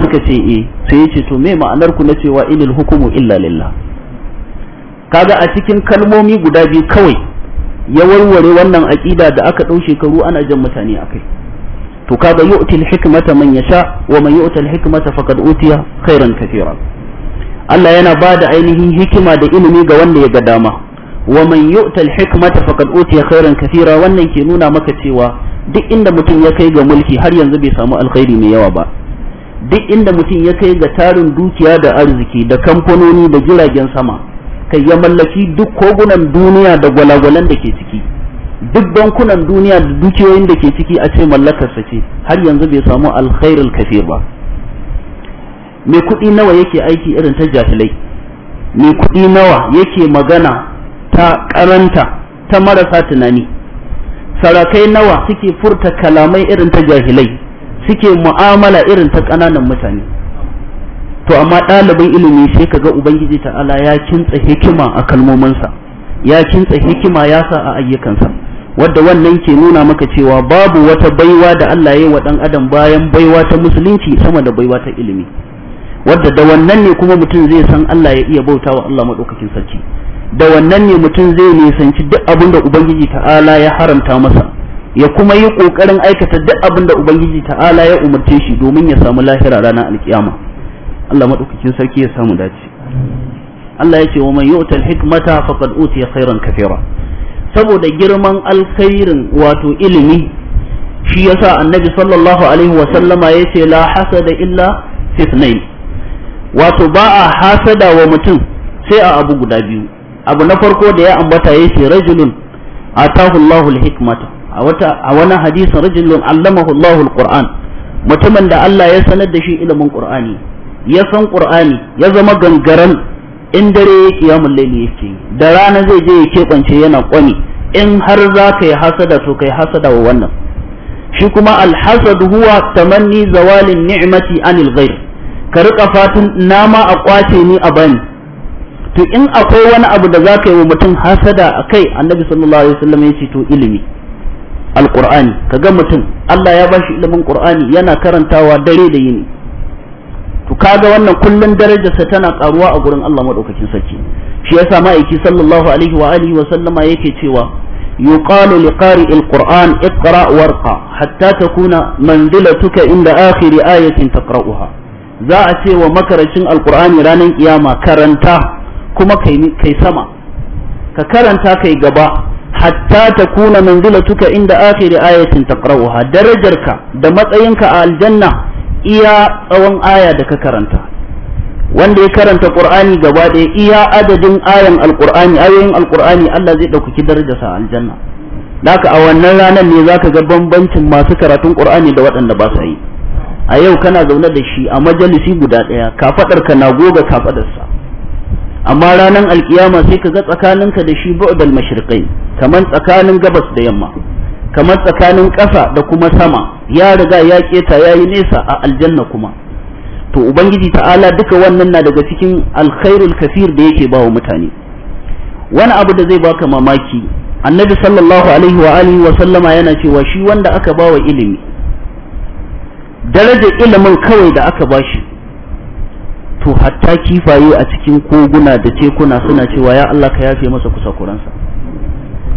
suka ce eh sai ya ce to me ma'anar ku na cewa inil hukumu illa lillah kaga a cikin kalmomi guda biyu kawai ya warware wannan aqida da aka ɗau shekaru ana jan mutane akai to kaga yu'ti al-hikmata man yasha wa man yu'ta al-hikmata faqad utiya khairan katira Allah yana da ainihin hikima da ilimi ga wanda ya ga dama wa man yu'ta al-hikmata faqad utiya khairan katira wannan ke nuna maka cewa duk inda mutum ya kai ga mulki har yanzu bai samu alkhairi mai yawa ba duk inda mutum ya kai ga tarin dukiya da arziki da kamfanoni da jiragen sama kai ya mallaki duk kogunan duniya da gwalagwalan da ke ciki duk bankunan duniya da dukiyoyin da ke ciki a ce mallakarsa ce har yanzu bai samu alkhairul kafir ba Me kuɗi nawa yake aiki irin ta jahilai Me kuɗi nawa yake magana ta karanta ta marasa tunani sarakai nawa suke furta kalamai irin ta jahilai suke mu'amala irin ta ƙananan mutane to amma ɗalibin ilimi sai kaga ubangiji ta'ala ya kintsa hikima a kalmominsa ya kintsa hikima ya sa a ayyukansa wadda wannan ke nuna maka cewa babu wata baiwa da Allah ya yi ɗan adam bayan baiwa ta musulunci sama da baiwa ta ilimi wadda da wannan ne kuma mutum zai san Allah ya iya bauta wa Allah maɗaukakin sarki da wannan ne mutum zai nisanci duk abin da ubangiji ta'ala ya haramta masa ya kuma yi kokarin aikata duk abin da ubangiji ta'ala ya umarce shi domin ya samu lahira ranar alkiyama Allah madaukakin sarki ya samu dace Allah ya ce wa man yu'ta al-hikmata faqad utiya khairan kathira saboda girman alkhairin wato ilimi shi yasa annabi sallallahu alaihi wa sallama yace la hasada illa fitnain wato ba a hasada wa mutum sai a abu guda biyu abu na farko da ya ambata yace rajulun atahu Allahul hikmata a wata a wani hadisin rajulun allamahu Allahul Qur'an mutumin da Allah ya sanar da shi ilimin Qur'ani ya san Qur'ani ya zama gangaran in dare yake ya mullaili yake da rana zai je ya kebance yana kwani in har za ka yi hasada to kai hasada wa wannan shi kuma alhasad huwa tamanni zawalin ni'mati anil ghair ka rika fatan nama a kwace ni a bani to in akwai wani abu da za ka yi wa mutum hasada a kai annabi sallallahu alaihi wasallam ya ce to ilimi ka ga mutum Allah ya bashi ilimin ƙur'ani yana karantawa dare da yini to kaga wannan kullun darajarsa tana karuwa a gurin Allah madaukakin sarki shi yasa ma'aiki sallallahu alaihi wa alihi wa sallama yake cewa yuqalu liqari qur'an iqra warqa hatta takuna manzilatuka inda akhir ayatin taqra'uha za a ce wa makaracin alqur'ani ranar kiyama karanta kuma kai kai sama ka karanta kai gaba hatta ta kuna takuna tuka inda akhir ayatin taqra'uha ka da matsayinka a aljanna iya tsawon aya da ka karanta wanda ya karanta qur'ani gaba ɗaya iya adadin ayan alqur'ani ayoyin alqur'ani Allah zai ɗauki darajarsa a aljanna haka a wannan ranar ne zaka ga bambancin masu karatun qur'ani da waɗanda ba su yi a yau kana zaune da shi a majalisi guda ɗaya ka na goga kafaɗarsa amma ranar alkiyama sai ka ga tsakaninka da shi bu'dal mashriqai kamar tsakanin gabas da yamma kamar tsakanin ƙasa da kuma sama ya riga ya keta ya yi nesa a aljanna kuma to ubangiji ta'ala duka wannan na daga cikin alkhairul kafir da yake ba wa mutane wani abu da zai baka mamaki annabi sallallahu alaihi wa alihi wa sallama yana cewa shi wanda aka ba wa ilimi darajar ilimin kawai da aka ba shi to hatta kifaye a cikin koguna da tekuna suna cewa ya Allah ka yafe masa kusa kuransa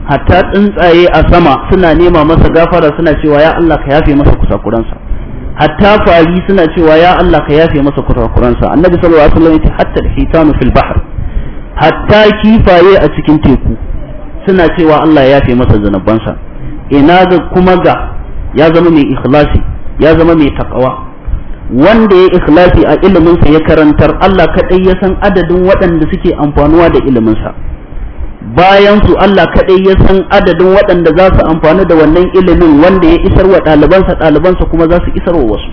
hatta tsuntsaye a sama suna nema masa gafara suna cewa ya Allah ka yafe masa kusakuransa hatta fari suna cewa ya Allah ka yafe masa kusakuransa annabi sallallahu alaihi wasallam yace hatta al-hitanu fil bahr hatta kifaye a cikin teku suna cewa Allah ya yafe masa zanabansa ina ga kuma ga ya zama mai ikhlasi ya zama mai takawa wanda ya ikhlasi a iliminsa ya karantar Allah kadai ya san adadin waɗanda suke amfanuwa da iliminsa bayan su Allah kaɗai ya san adadin waɗanda za su amfani da wannan ilimin wanda ya isar wa ɗalibansa ɗalibansa kuma za su isar wa wasu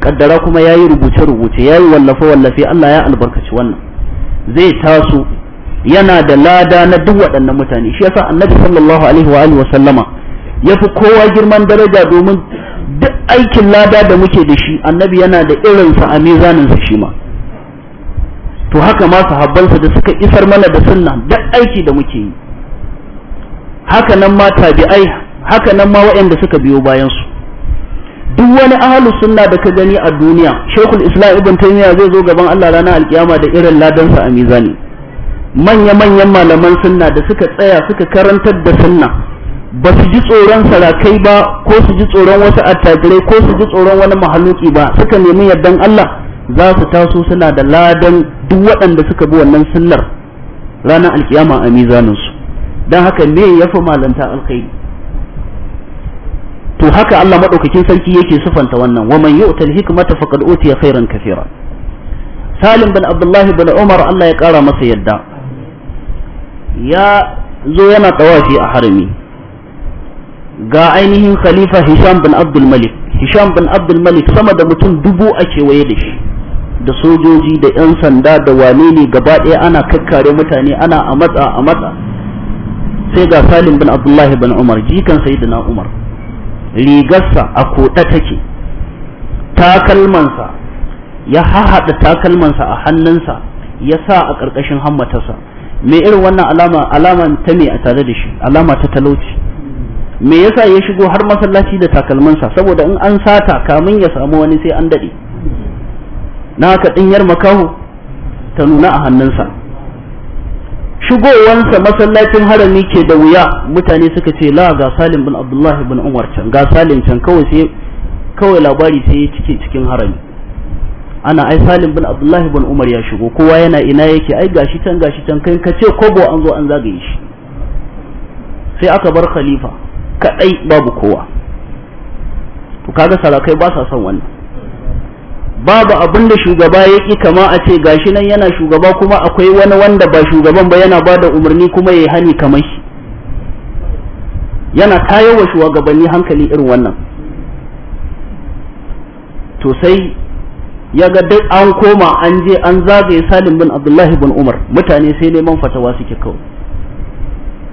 kaddara kuma ya yi rubuce-rubuce ya yi wallafe-wallafe Allah ya albarkaci wannan zai taso yana da lada na duk waɗannan mutane shi yasa annabi sallallahu alaihi wa alihi wa sallama ya fi kowa girman daraja domin duk aikin lada da muke da shi annabi yana da irinsa a mizaninsa shi ma to haka ma sahabbansa da suka isar mana da sunna duk aiki da muke yi haka nan ma tabi'ai haka nan ma waɗanda suka biyo bayan su duk wani ahlus sunna da ka gani a duniya shaykhul islam ibn taymiya zai zo gaban Allah ranar alkiyama da irin ladansa a mizani manya manyan malaman sunna da suka tsaya suka karantar da sunna ba su ji tsoron sarakai ba ko su ji tsoron wasu attajirai ko su ji tsoron wani mahaluki ba suka nemi yardan Allah za su taso suna da ladan duk waɗanda suka bi wannan sallar ranar alkiyama a mizaninsu don haka ne ya fi malanta alkhairi to haka Allah maɗaukakin sarki yake sufanta wannan wa man yu'tal hikmata faqad utiya khairan kathira Salim bin Abdullahi bin Umar Allah ya ƙara masa yadda ya zo yana tawafi a harami ga ainihin khalifa Hisham bin Abdul Malik Hisham bin Abdul Malik sama da mutum dubu a kewaye da shi da sojoji da 'yan sanda da wane ne gaba ɗaya ana kakkare mutane ana a matsa a matsa sai ga salim bin abdullahi bin umar jikan sai na umar rigarsa a koɗa take takalmansa ya hahaɗa takalmansa a hannunsa ya sa a ƙarƙashin hammatarsa me irin wannan alama alama ta ne a tare da shi alama ta talauci me yasa ya shigo har masallaci da takalmansa saboda in an sata kamin ya samu wani sai an daɗe na haka ɗinyar makahu ta nuna a hannunsa shigowansa masallacin harami ke da wuya mutane suka ce la ga salim bin abdullahi bin umar can ga salim can kawai sai kawai labari sai cike cikin harami ana ai salim bin abdullahi bin umar ya shigo kowa yana ina yake ai gashi can gashi can kai ka ce kobo an zo an zagaye shi sai aka bar khalifa kadai babu kowa to kaga sarakai ba sa son wannan babu abin da shugaba ya ƙi kama a ce gashi nan yana shugaba kuma akwai wani wanda ba shugaban ba yana ba da umarni kuma ya yi hani kamar shi yana tayar wa shugabanni hankali irin wannan to sai ya ga duk an koma an je an zagaye salim bin abdullahi bin umar mutane sai neman fatawa suke kawai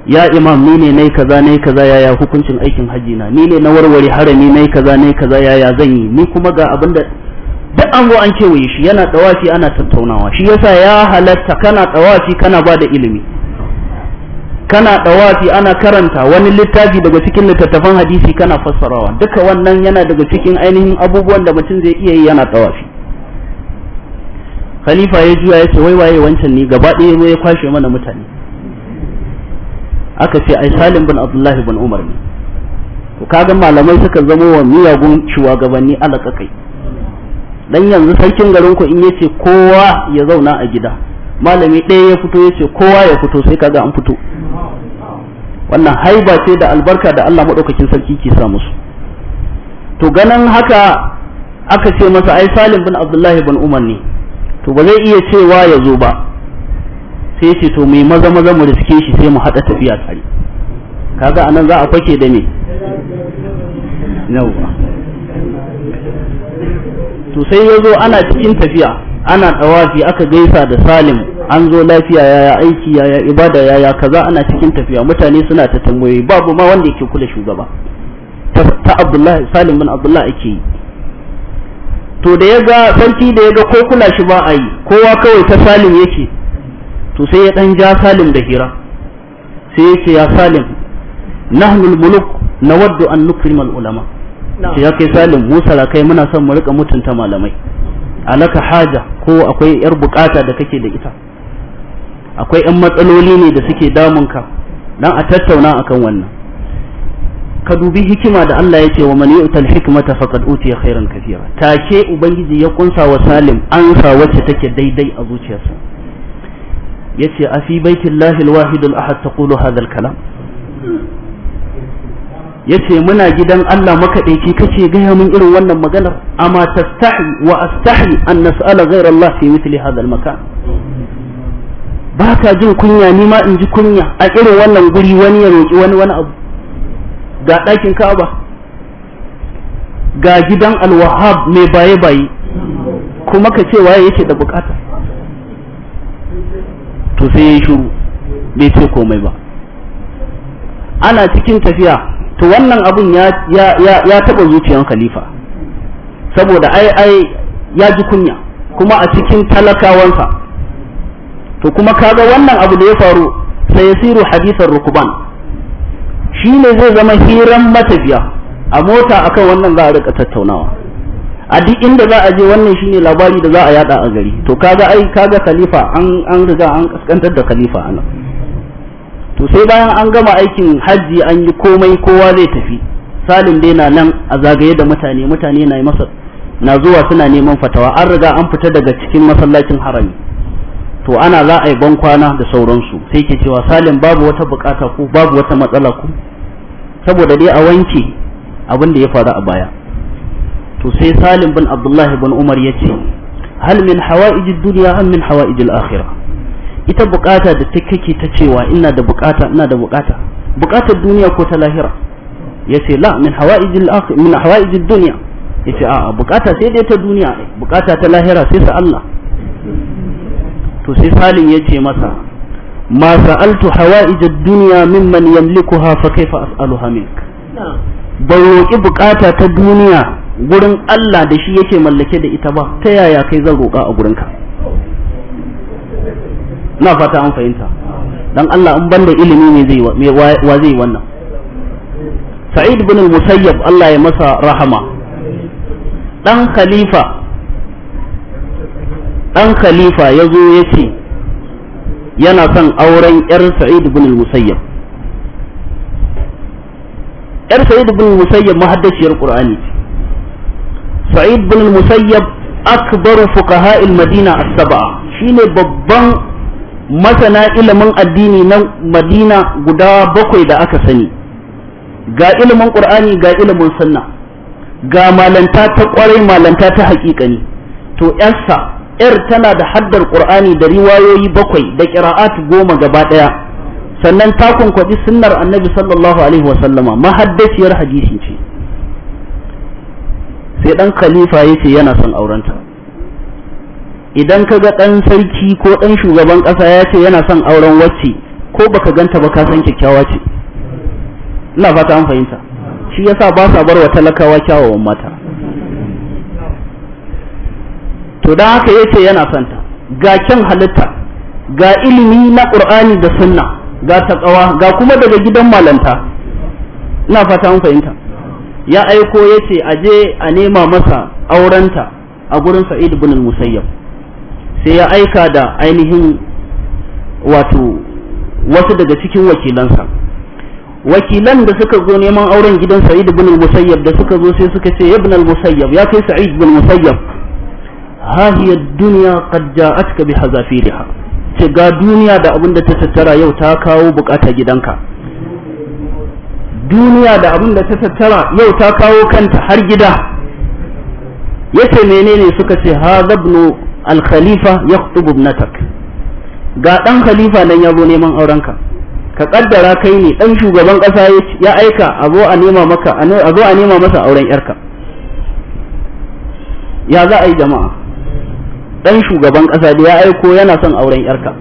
ya imam ni ne nai kaza nai kaza yaya hukuncin aikin hajji na ni ne na warware harami nai kaza nai kaza yaya zan yi ni kuma ga abin duk an zo an kewaye shi yana tsawafi ana tattaunawa shi yasa ya halatta kana tsawafi kana ba da ilimi kana tsawafi ana karanta wani littafi daga cikin littattafan hadisi kana fassarawa duka wannan yana daga cikin ainihin abubuwan da mutum zai iya yi yana tsawafi khalifa ya juya ya ce wai waye wancan ne gaba ɗaya ya kwashe mana mutane aka ce ai salim bin abdullahi bin umar ne to kaga malamai suka zama wa miyagun shugabanni alaƙaƙai dan yanzu sarkin garin ku in yace kowa ya zauna a gida malami ɗaya ya fito yace kowa ya fito sai kaga an fito wannan haiba ce da albarka da Allah madaukakin sarki ke sa musu to ganin haka aka ce masa ai Salim bin Abdullahi bin Umar ne to ba zai iya cewa ya zo ba sai ce to mai maza maza mu riske shi sai mu haɗa tafiya tare kaga anan za a fake da me yawwa to sai ya zo ana cikin tafiya ana tawafi aka gaisa da salim an zo lafiya yaya aiki yaya ibada yaya kaza ana cikin tafiya mutane suna ta tambayoyi babu ma wanda yake kula shugaba ta abdullahi salim bin abdullahi ake yi to da ya ga sarki da ya ga ko kula shi ba a yi kowa kawai ta salim yake to sai ya dan ja salim da hira sai yake ya salim nahnul muluk nawaddu an nukrimal ulama shi ya kai salim mu kai muna son mu rika mutunta malamai alaka haja ko akwai yar bukata da kake da ita akwai yan matsaloli ne da suke damunka dan a tattauna akan wannan ka dubi hikima da Allah ya ce wa man al hikmata faqad utiya khairan katira take ubangiji ya kunsa wa salim an sa wacce take daidai a zuciyarsa yace a fi baitillahi al ta taqulu hadha kalam yace muna gidan Allah makadaici kace gaya mun irin wannan maganar amma tastahi wa astahi an nas'ala ghayra Allah fi mithli hadha al-makan ta jin kunya ni ma in ji kunya a irin wannan guri wani ya roki wani wani abu ga ɗakin Ka'aba ga gidan Al-Wahhab mai baye baye kuma ka ce waye yake da bukata to sai ya shiru bai ce komai ba ana cikin tafiya to wannan abun ya ya taba zuciyan khalifa saboda ai ai ya ji kunya kuma a cikin talakawansa to kuma kaga wannan abu da ya faru sai yasiru hadisan rukuban shi ne zai zama hiran matafiya a mota akan wannan za a rika tattaunawa a duk inda za a je wannan shine labari da za a yada a gari to kaga ai kaga khalifa an an riga an kaskantar da khalifa anan to sai bayan an gama aikin hajji an yi komai kowa zai tafi salin dai na nan a zagaye da mutane mutane na masa na zuwa suna neman fatawa an riga an fita daga cikin masallacin harami to ana za a yi bankwana da sauransu sai ke cewa salim babu wata bukata ko babu wata matsala ku saboda dai a wanke abin da ya faru a baya to sai salim bin abdullahi bin umar ya ce hal min hawa'ijid duniya am min hawa'ijil akhirah ita bukata da ta kake ta cewa ina da bukata ina da bukata bukatar duniya ko ta lahira ya ce la min hawaijil akhir min hawaijid dunya ce a bukata sai dai ta duniya bukata ta lahira sai sa Allah to sai Salim ce masa ma sa'altu hawaijid dunya mimman yamlikuha fa kaifa as'aluha mink ban roki bukata ta duniya gurin Allah da shi yake mallake da ita ba ta yaya kai zan roka a gurinka ina fata an fahimta dan Allah in banda ilimi ne zai wa zai wannan Sa'id ibn al-Musayyab Allah ya masa rahama dan khalifa dan khalifa ya yace yana son auren yar Sa'id ibn al-Musayyab yar Sa'id ibn al-Musayyab muhaddisiyar Qur'ani Sa'id ibn al-Musayyab akbaru fuqaha al-Madina as-sab'a shine babban masana ilimin addini na madina guda bakwai da aka sani ga ilimin ƙur'ani ga ilimin sunna ga malanta ta ƙwarai malanta ta haƙiƙani to yarsa yar tana da haddar ƙur'ani da riwayoyi bakwai da ƙira'at goma gaba ɗaya sannan ta kwaɗi sunnar annabi sallallahu alaihi wasallama mahaddaciyar hadisi ce sai ɗan khalifa yace yana son aurenta idan ka ga ɗan sarki ko ɗan shugaban ƙasa ya ce yana son auren wacce ko baka ganta ba ka san kyakkyawa ce ina fata an fahimta shi yasa ba sa bar wa talakawa kyawawan mata to dan haka ya ce yana son ta ga kyan halitta ga ilimi na ƙur'ani da sunna ga taƙawa ga kuma daga gidan malanta ina fata an fahimta ya aiko yace aje a nema masa aurenta a gurin sa'id bin musayyab sai ya aika da ainihin wato wasu daga cikin wakilansa wakilan da suka zo neman auren gidan sa'id ibn al-musayyab da suka zo sai suka ce ibn al-musayyab ya kai sa'id ibn al-musayyab ha hiya dunya qad ja'atka bi hazafiriha ce ga duniya da abin da ta tattara yau ta kawo bukata gidanka duniya da abin da ta tattara yau ta kawo kanta har gida yace menene suka ce ha zabnu alkhalifa ya ibnatak ga ɗan khalifa nan ya zo neman aurenka ka ƙaddara kai ne ɗan shugaban ƙasa ya aika a zo a nema maka a zo a nema masa auren yarka ya za a yi jama'a ɗan shugaban ƙasa da ya aiko yana son auren yarka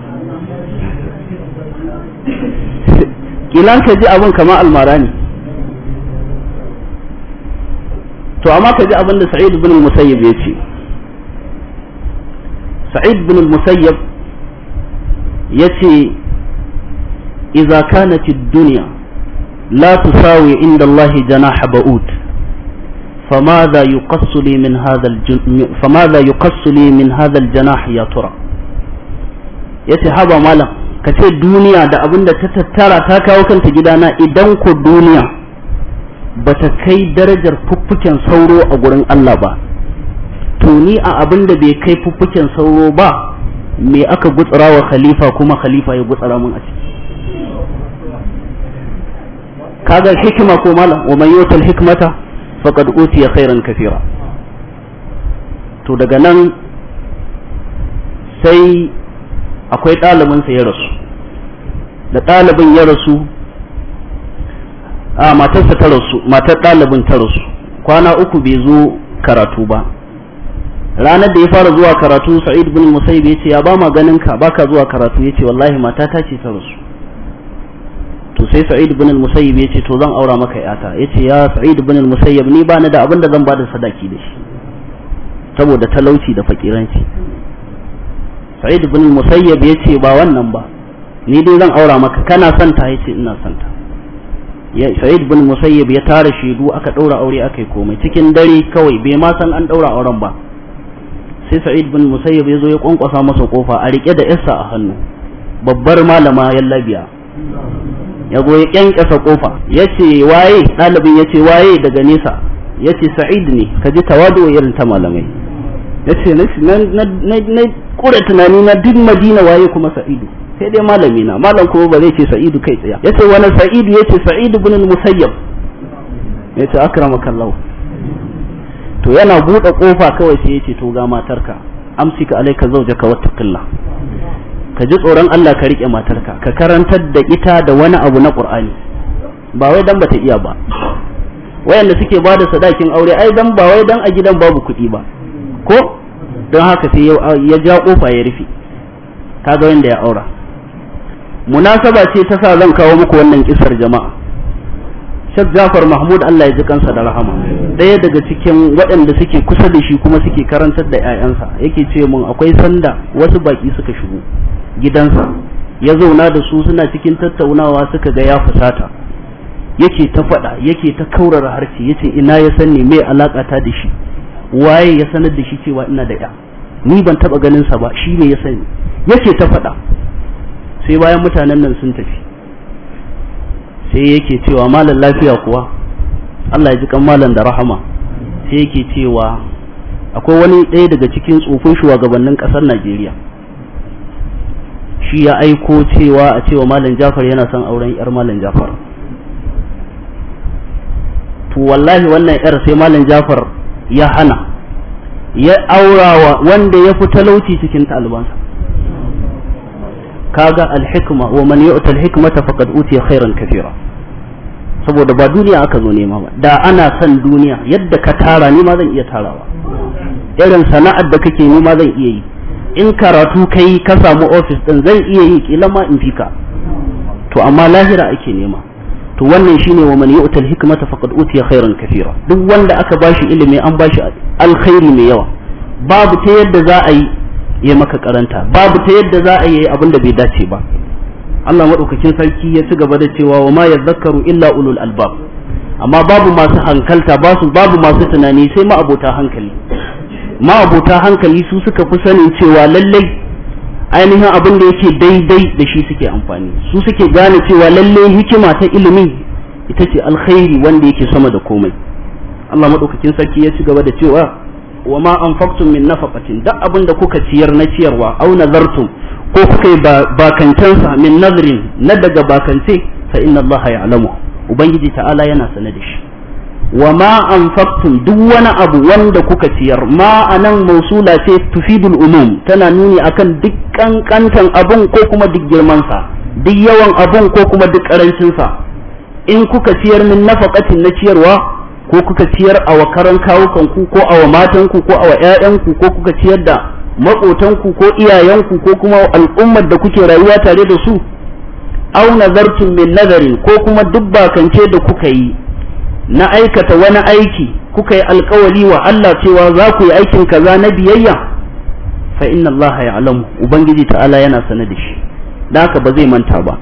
kilan ka ji abin kama almara ne to amma ka ji abin da sa'id ibn musayyib ya ce sa'id bin al-musayyab yace idza kanat ad-dunya la tusawi inda Allah janaha ba'ud فماذا يقص لي من هذا الجن... فماذا يقص لي من هذا الجناح يا ترى yace haba malam ka ce duniya da abin da ta tattara ta kawo kanta gidana idan ku duniya ba ta kai darajar fuffuken sauro a gurin Allah ba tuni ni a abin da bai kai fuffuken sauro ba me aka gutsara wa khalifa kuma khalifa ya gutsara mun a ciki kaga hikima ko malam wa man yutul hikmata faqad utiya khairan kathira to daga nan sai akwai ɗalibinsa ya rasu da ɗalibin ya rasu a matarsa ta rasu matar ɗalibin ta rasu kwana uku bai zo karatu ba ranar da ya fara zuwa karatu sa'id bin ya ce ya ba ma ganin ka baka zuwa karatu ce wallahi mata ta ce ta rasu to sai sa'id bin ya ce to zan aura maka yata ce ya sa'id bin musaib ni ba ni da abin da zan bada sadaki da shi saboda talauci da fakiranci sa'id bin ya ce ba wannan ba ni dai zan aura maka kana son ta ce ina son ta ya sa'id bin musaib ya tara shaidu aka daura aure aka yi komai cikin dare kawai bai ma san an daura auren ba sai sa'id bin musayyib ya zo ya kwankwasa masa kofa a rike da yarsa a hannu babbar malama ya labiya ya go ya kyankasa kofa yace waye dalibin yace waye daga nesa yace sa'id ne kaji tawadu irin ta malamai yace na na na kura tunani na duk madina waye kuma sa'id sai dai malami na malam kuma ba zai ce sa'id kai tsaya yace wani sa'id yace sa'id bin musayyib yace akramakallahu to yana buɗe ƙofa kawai sai ya ce to ga matarka amsika alaika zaujaka wattaqilla ka ji tsoron Allah ka rike matarka ka karantar da ita da wani abu na Qur'ani ba wai dan bata iya ba wayanda suke ba da sadakin aure ai dan ba wai dan a gidan babu kuɗi ba ko don haka sai ya ja kofa ya rufe kaga wanda ya aura munasaba ce ta sa zan kawo muku wannan kisar jama'a Sheikh Jafar Mahmud Allah ya ji kansa da rahama ɗaya daga cikin waɗanda suke kusa da shi kuma suke karantar da 'ya'yansa yake ce mun akwai sanda wasu baki suka shigo gidansa ya zauna da su suna cikin tattaunawa suka ga ya fusata yake ta faɗa yake ta kaurara harshe ce ina ya san ne me alaƙa ta da shi waye ya sanar da shi cewa ina da ya ni ban taɓa ganinsa sa ba ne ya sani yake ta faɗa sai bayan mutanen nan sun tafi sai yake cewa malam lafiya kuwa Allah ya ji kan malam da rahama sai yake cewa akwai wani ɗaya daga cikin tsofin shugabannin ƙasar Najeriya shi ya aiko cewa a cewa malam Jafar yana son auren yar malam Jafar to wallahi wannan yar sai malam Jafar ya hana ya aurawa wanda ya fi talauci cikin talibansa kaga alhikma wa man yu'ta alhikmata faqad utiya khairan kathira saboda ba duniya aka zo nema ba da ana san duniya yadda ka tara ni ma zan iya tarawa irin sana'ar da kake ni ma zan iya yi in karatu kai ka samu office din zan iya yi kila ma in fika to amma lahira ake nema to wannan shine wa man yu'ta alhikmata faqad utiya khairan kathira duk wanda aka bashi ilimi an bashi alkhairi mai yawa babu ta yadda za a yi ya maka karanta babu ta yadda za a yi abin da bai dace ba Allah maɗaukakin sarki ya ci gaba da cewa wa ma yadhakkaru illa ulul albab amma babu masu hankalta basu babu masu tunani sai ma abota hankali ma abota hankali su suka fi sanin cewa lallai ainihin abin da yake daidai da shi suke amfani su suke gane cewa lallai hikima ta ilimi ita ce alkhairi wanda yake sama da komai Allah maɗaukakin sarki ya ci gaba da cewa wa ma anfaqtum min nafaqatin duk abin da kuka ciyar na ciyarwa aw nazartum ko kuka yi bakantansa min nazrin na daga bakance fa inna allaha ya'lamu ubangiji ta'ala yana sane da shi wa ma anfaqtum duk wani abu wanda kuka ciyar ma anan mausula ce tufidul umum tana nuni akan duk kankantan abun ko kuma duk girman sa duk yawan abun ko kuma duk karancin sa in kuka ciyar min nafaqatin na ciyarwa ko kuka ciyar a wa karan kawukanku ko a wa matanku ko a wa ƴaƴanku ko kuka ciyar da maƙotanku ko iyayenku ko kuma al'ummar da kuke rayuwa tare da su au nazartum min nazari ko kuma duk bakance da kuka yi na aikata wani aiki kuka yi alkawali wa Allah cewa za ku yi aikin kaza na biyayya fa inna Allah ya'lamu ubangiji ta'ala yana sanar da shi da haka ba zai manta ba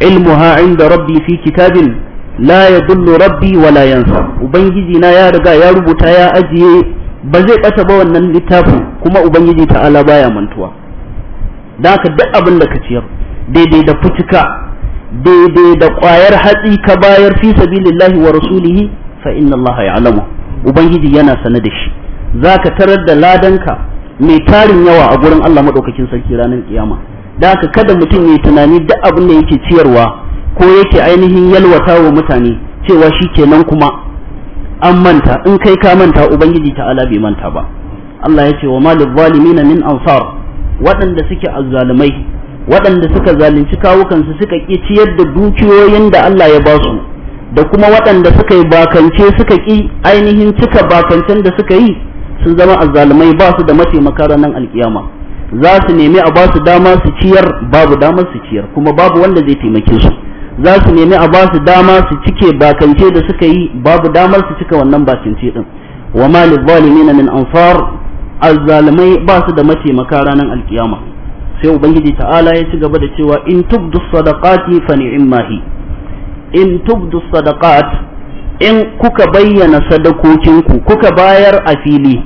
ilmuha inda rabbi fi kitabin la ya dullo rabbi wala yansa ubangiji na ya riga ya rubuta ya ajiye ba zai ɓata ba wannan littafin kuma ubangiji ta'ala baya mantuwa da haka duk abin da ka ciyar daidai da fucika daidai da ƙwayar hatsi ka bayar fi sabilillahi wa rasulihi fa inna allaha ya'lamu ubangiji yana sane da shi zaka tarar da ladanka mai tarin yawa a gurin Allah madaukakin sarki ranar kiyama da haka kada mutum ya tunani duk abin da yake ciyarwa ko yake ainihin yalwata wa mutane cewa shi kenan kuma an manta in kai ka manta ubangiji ta'ala bai manta ba Allah ya ce wa zalimi zalimin min ansar waɗanda suke azzalumai waɗanda suka zalunci kawukansu suka ƙi ciyar da dukiyoyin da Allah ya ba su da kuma waɗanda suka yi bakance suka ƙi ainihin cika bakancen da suka yi sun zama azzalumai ba su da mataimaka ranar alkiyama za su nemi a ba su dama su ciyar babu damar su ciyar kuma babu wanda zai taimake su za su nemi a ba su dama su cike bakance da suka yi babu damar su cika wannan bakance din wa ma lizzalimina min ansar azzalimai ba su da mataimaka ranar alkiyama sai ubangiji ta'ala ya ci gaba da cewa in tubdu sadaqati fa ni'mahi in tubdu sadaqat in kuka bayyana sadakokin ku kuka bayar a fili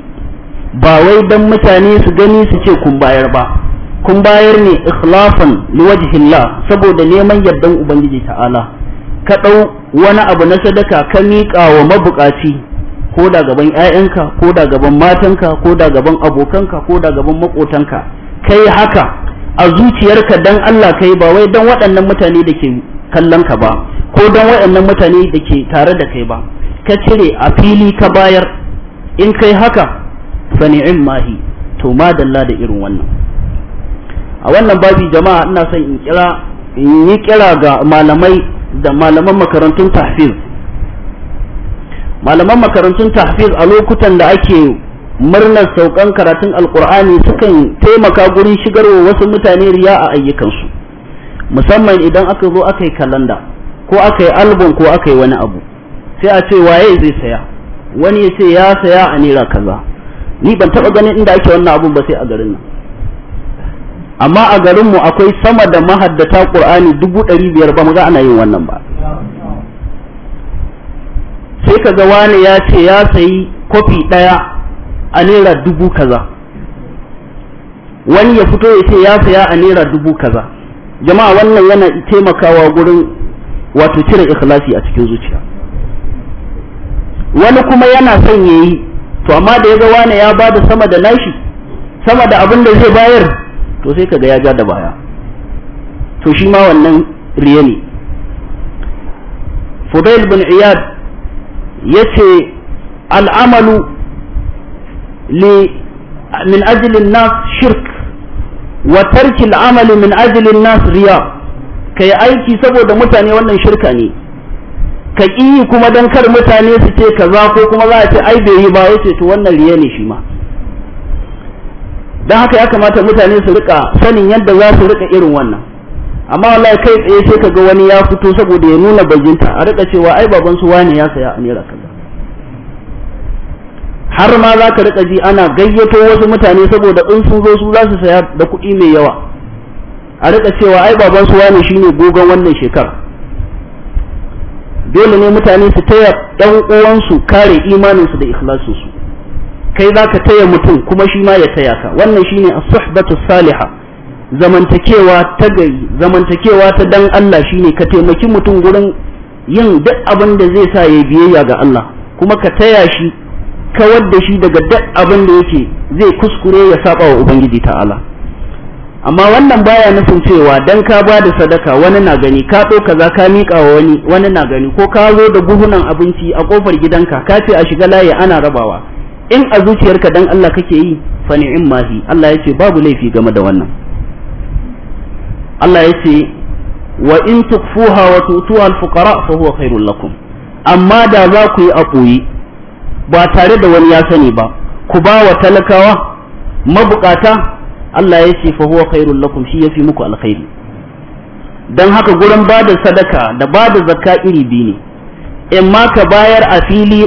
ba wai dan mutane su gani su ce kun bayar ba kun bayar ne ikhlasan Allah saboda neman yardan ubangiji ta'ala ka dau wani abu na sadaka ka mika wa mabukaci ko da gaban ƴaƴanka ko da gaban matanka ko da gaban abokanka ko da gaban makotanka kai haka a zuciyarka dan Allah kai ba wai dan waɗannan mutane da ke kallon ka ba ko dan waɗannan mutane da ke tare da kai ba ka cire a fili ka bayar in kai haka fa ni'immahi to madalla da irin wannan a wannan babi jama'a ina son in kira in yi kira ga malamai da malaman makarantun tahfiz malaman makarantun tahfiz a lokutan da ake murnar saukan karatun alkur'ani sukan taimaka gurin shigarwa wasu mutane riya a ayyukansu musamman idan aka zo aka yi kalanda ko aka yi album ko aka yi wani abu sai a ce waye zai saya wani ya ce ya saya a naira kaza ni ban taba ganin inda ake wannan abun ba sai a garin nan amma a garinmu akwai sama da mahaddata ƙur'ani dubu ɗari biyar ba mu ga ana yin wannan ba sai ka ga wani ya ce ya sayi kofi ɗaya a naira dubu kaza wani ya fito ya ce ya saya a naira dubu kaza jama'a wannan yana taimakawa gurin wato cire ikhlasi a cikin zuciya wani kuma yana son yayi to amma da ya ga wani ya ba da sama da nashi sama da abin da zai bayar to sai kaga ya ja da baya to shi ma wannan riya ne fudail bin iyad ce al'amalu li min ajilin nas shirk wa tarki al'amali min ajilin nas riya yi aiki saboda mutane wannan shirka ne ka kuma don kar mutane su ce kaza ko kuma za a ce ai bai yi ba yace to wannan riya ne shi ma don haka ya kamata mutane su rika sanin yadda za su rika irin wannan amma wallahi kai tsaye sai kaga wani ya fito saboda ya nuna bajinta a rika cewa ai baban su wani ya saya a kaza har ma za ka rika ji ana gayyato wasu mutane saboda in sun zo su za su saya da kuɗi mai yawa a rika cewa ai baban su wani shine gogon wannan shekara dole ne mutane su taya ɗan uwansu kare imaninsu da ikhlasinsu kai za ka taya mutum kuma shi ma ya taya ka wannan shi ne suhbatu saliha zamantakewa ta gari zamantakewa ta dan Allah shi ne ka taimaki mutum gurin yin duk abin da zai sa ya biyayya ga Allah kuma ka taya shi kawar da shi daga duk abin da yake zai kuskure ya saba wa ubangiji ta'ala amma wannan baya nufin cewa dan ka ba da sadaka wani na gani ka ɗo kaza ka miƙa wa wani wani na gani ko ka zo da buhunan abinci a ƙofar gidanka ka ce a shiga layi ana rabawa in a zuciyarka dan Allah kake yi fa ni'imma hi Allah yace babu laifi game da wannan Allah yace wa in tukfuha wa tu'tuha al-fuqara fa huwa khairul lakum amma da za ku yi akoyi ba tare da wani ya sani ba ku ba wa talakawa mabukata Allah yace fa huwa khairul lakum shi yafi muku alkhairi dan haka gurin bada sadaka da bada zakka iri biyu ne in ma ka bayar a fili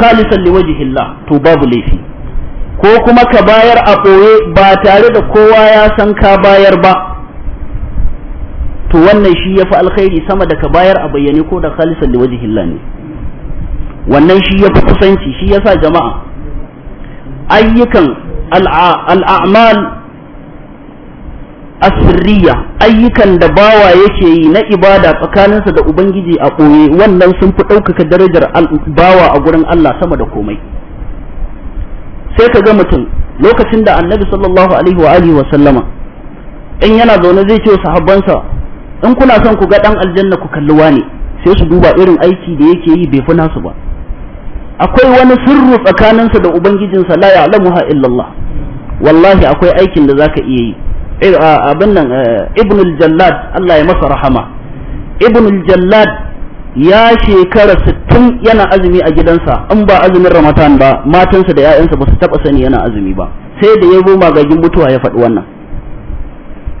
khalisan liwajihillah to babu laifi ko kuma ka bayar a ɓoye ba tare da kowa ya san ka bayar ba to wannan shi yafi alkhairi sama da ka bayar a bayyane ko da khalisan liwajihillah ne wannan shi ya kusanci shi ya jama'a ayyukan al'amal asirriya ayyukan da bawa yake yi na ibada tsakaninsa da ubangiji a ɓoye wannan sun fi ɗaukaka darajar bawa a gurin Allah sama da komai sai ka ga mutum lokacin da annabi sallallahu alaihi wa wa sallama in yana zaune zai ce wa sahabbansa in kuna son ku ga ɗan aljanna ku kalli wani sai su duba irin aiki da yake yi bai fi nasu ba akwai wani sirri tsakaninsa da ubangijinsa la ya'lamuha illallah wallahi akwai aikin da zaka iya yi Eh, ah, abin nan eh, ibn al-jallad Allah ya masa rahama ibn al-jallad ya shekara 60 yana azumi a gidansa in ba azumin ramadan ba matansa da ƴaƴansa ba su taba sani yana azumi ba sai da ya zo magagin mutuwa ya faɗi wannan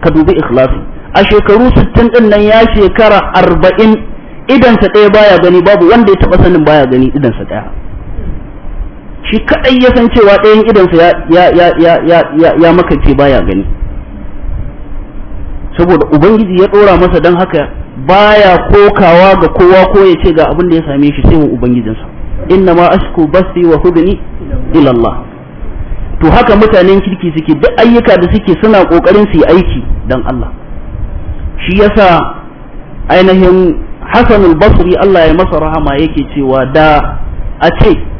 ka dubi ikhlasi a shekaru 60 din nan ya shekara 40 idansa ɗaya baya gani babu wanda ya taba sanin baya gani idansa ɗaya shi kadai ya san cewa ɗayan idansa ya ya ya ya ya ya makance baya gani saboda ubangiji ya dora masa don haka baya kokawa ga kowa ko ya ce ga abin da ya same shi sai wa ubangijinsa inna ma ashku basi wa hudni ila Allah to haka mutanen kirki suke duk ayyuka da suke suna kokarin su yi aiki dan Allah shi yasa ainihin Hassan al-Basri Allah ya masa rahama yake cewa da a ce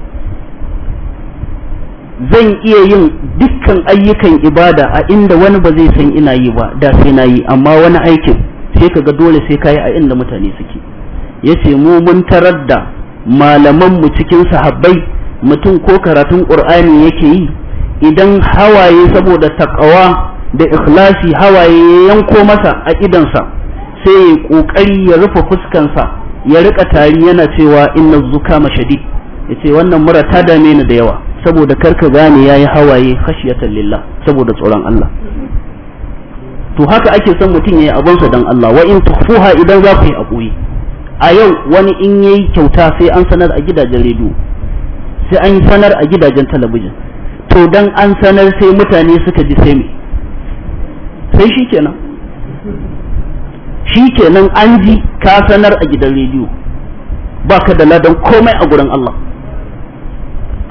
zan iya yin dukkan ayyukan ibada a inda wani ba zai san ina yi ba da sai na yi amma wani aikin sai ka ga dole sai ka yi a inda mutane suke ya ce mu mun tarar da malamanmu cikin sahabbai mutum ko karatun ƙur'ani yake yi idan hawaye saboda takawa da ikhlasi hawaye ya yanko masa a idansa sai ya ƙoƙari ya rufe fuskansa ya riƙa tari yana cewa inna zukama shadid ya ce wannan mura ta dame ni da yawa saboda karka gane ya yi hawaye khashiyatan lillah saboda tsoron Allah to haka ake son mutum ya yi sa don Allah wa in tukhfuha idan za ku yi ɓoye a yau wani in ya yi kyauta sai an sanar a gidajen rediyo sai an sanar a gidajen talabijin to dan an sanar sai mutane suka ji sai me sai shi kenan an ji ka sanar a gidan rediyo ba ka da ladan komai a gurin Allah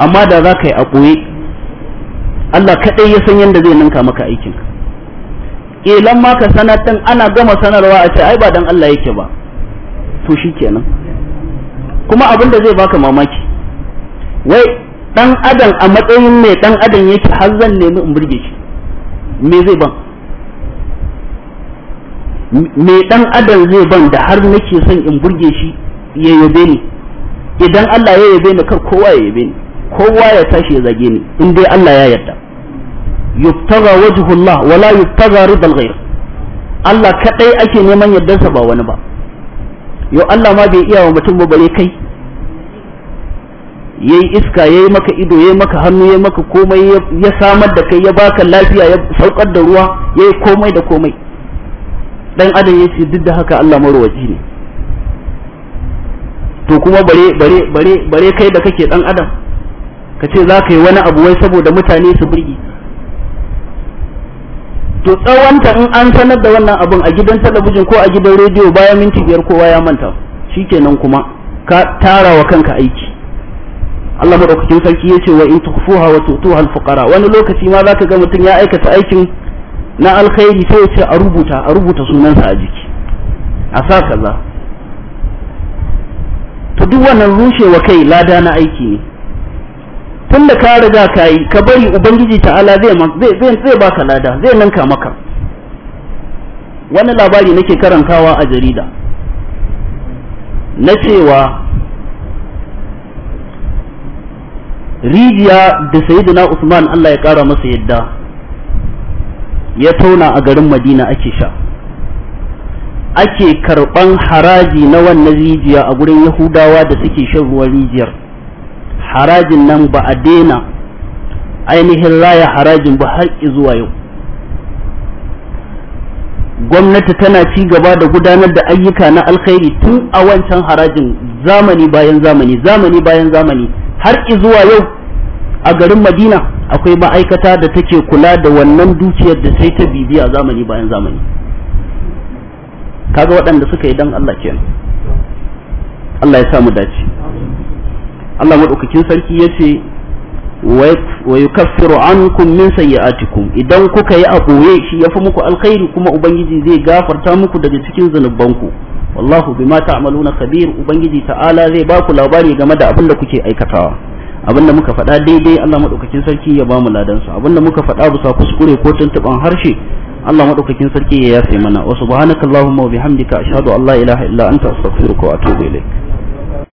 amma da za ka yi a ɓoye Allah kaɗai ya san yadda zai ninka maka aikin ƙilan ma ka sanar ɗin ana gama sanarwa a ce ai ba dan Allah yake ba to shi kenan kuma abin da zai baka mamaki wai ɗan adam a matsayin mai ɗan adam yake har zan nemi in burge shi me zai ban me ɗan adam zai ban da har nake son in burge shi ya yabe ni idan Allah ya yabe ni kar kowa ya yabe ni kowa ya tashi ya zage ni in dai Allah ya yarda yubtaga wajhullah wala yubtaga ridal ghayr Allah kadai ake neman sa ba wani ba yau Allah ma bai iya wa mutum ba bare kai yayi iska yayi maka ido yayi maka hannu yayi maka komai ya samar da kai ya baka lafiya ya saukar da ruwa yayi komai da komai dan adam yace duk da haka Allah marwaji ne to kuma bare bare bare bare kai da kake dan adam ka ce za ka yi wani abu wai saboda mutane su birgi to tsawonta in an sanar da wannan abun a gidan talabijin ko a gidan rediyo bayan minti biyar kowa ya manta shi shikenan kuma ka tara wa kanka aiki Allah madaukakin sarki ya ce wa in tukfuha wa tutuha alfuqara wani lokaci ma zaka ga mutum ya aikata aikin na alkhairi sai ya ce a rubuta a rubuta sunansa a jiki a sa kaza to duk wannan rushewa kai lada na aiki ne tun da ka riga ka yi ka bari ubangiji ta'ala zai baka lada zai nanka maka wani labari nake karantawa a jarida na cewa rijiya da sayyidina usman Allah ya kara masa yadda ya tauna a garin madina ake sha ake karban haraji na wannan rijiya a gurin yahudawa da suke shan ruwan rijiyar harajin nan ba a daina ainihin raya harajin ba har zuwa yau gwamnati tana ci gaba da gudanar da ayyuka na alkhairi tun a wancan harajin zamani bayan zamani zamani bayan zamani har zuwa yau a garin madina akwai ma'aikata da take kula da wannan dukiyar da sai ta bibiya zamani bayan zamani kaga waɗanda suka yi don allah kenan allah ya samu dace Allah madaukakin sarki ya ce wa yukaffiru ankum min sayyi'atikum idan kuka yi aboye shi yafi muku alkhairi kuma ubangiji zai gafarta muku daga cikin zanubanku wallahu bima ta'maluna khabir ubangiji ta'ala zai ba ku labari game da abin da kuke aikatawa abin da muka faɗa daidai Allah madaukakin sarki ya ba mu ladan sa abin da muka faɗa bisa kuskure ko tuntuban harshe Allah maɗaukakin sarki ya yafe mana wa subhanakallahumma wa bihamdika ashhadu an la ilaha illa anta astaghfiruka wa atubu ilaik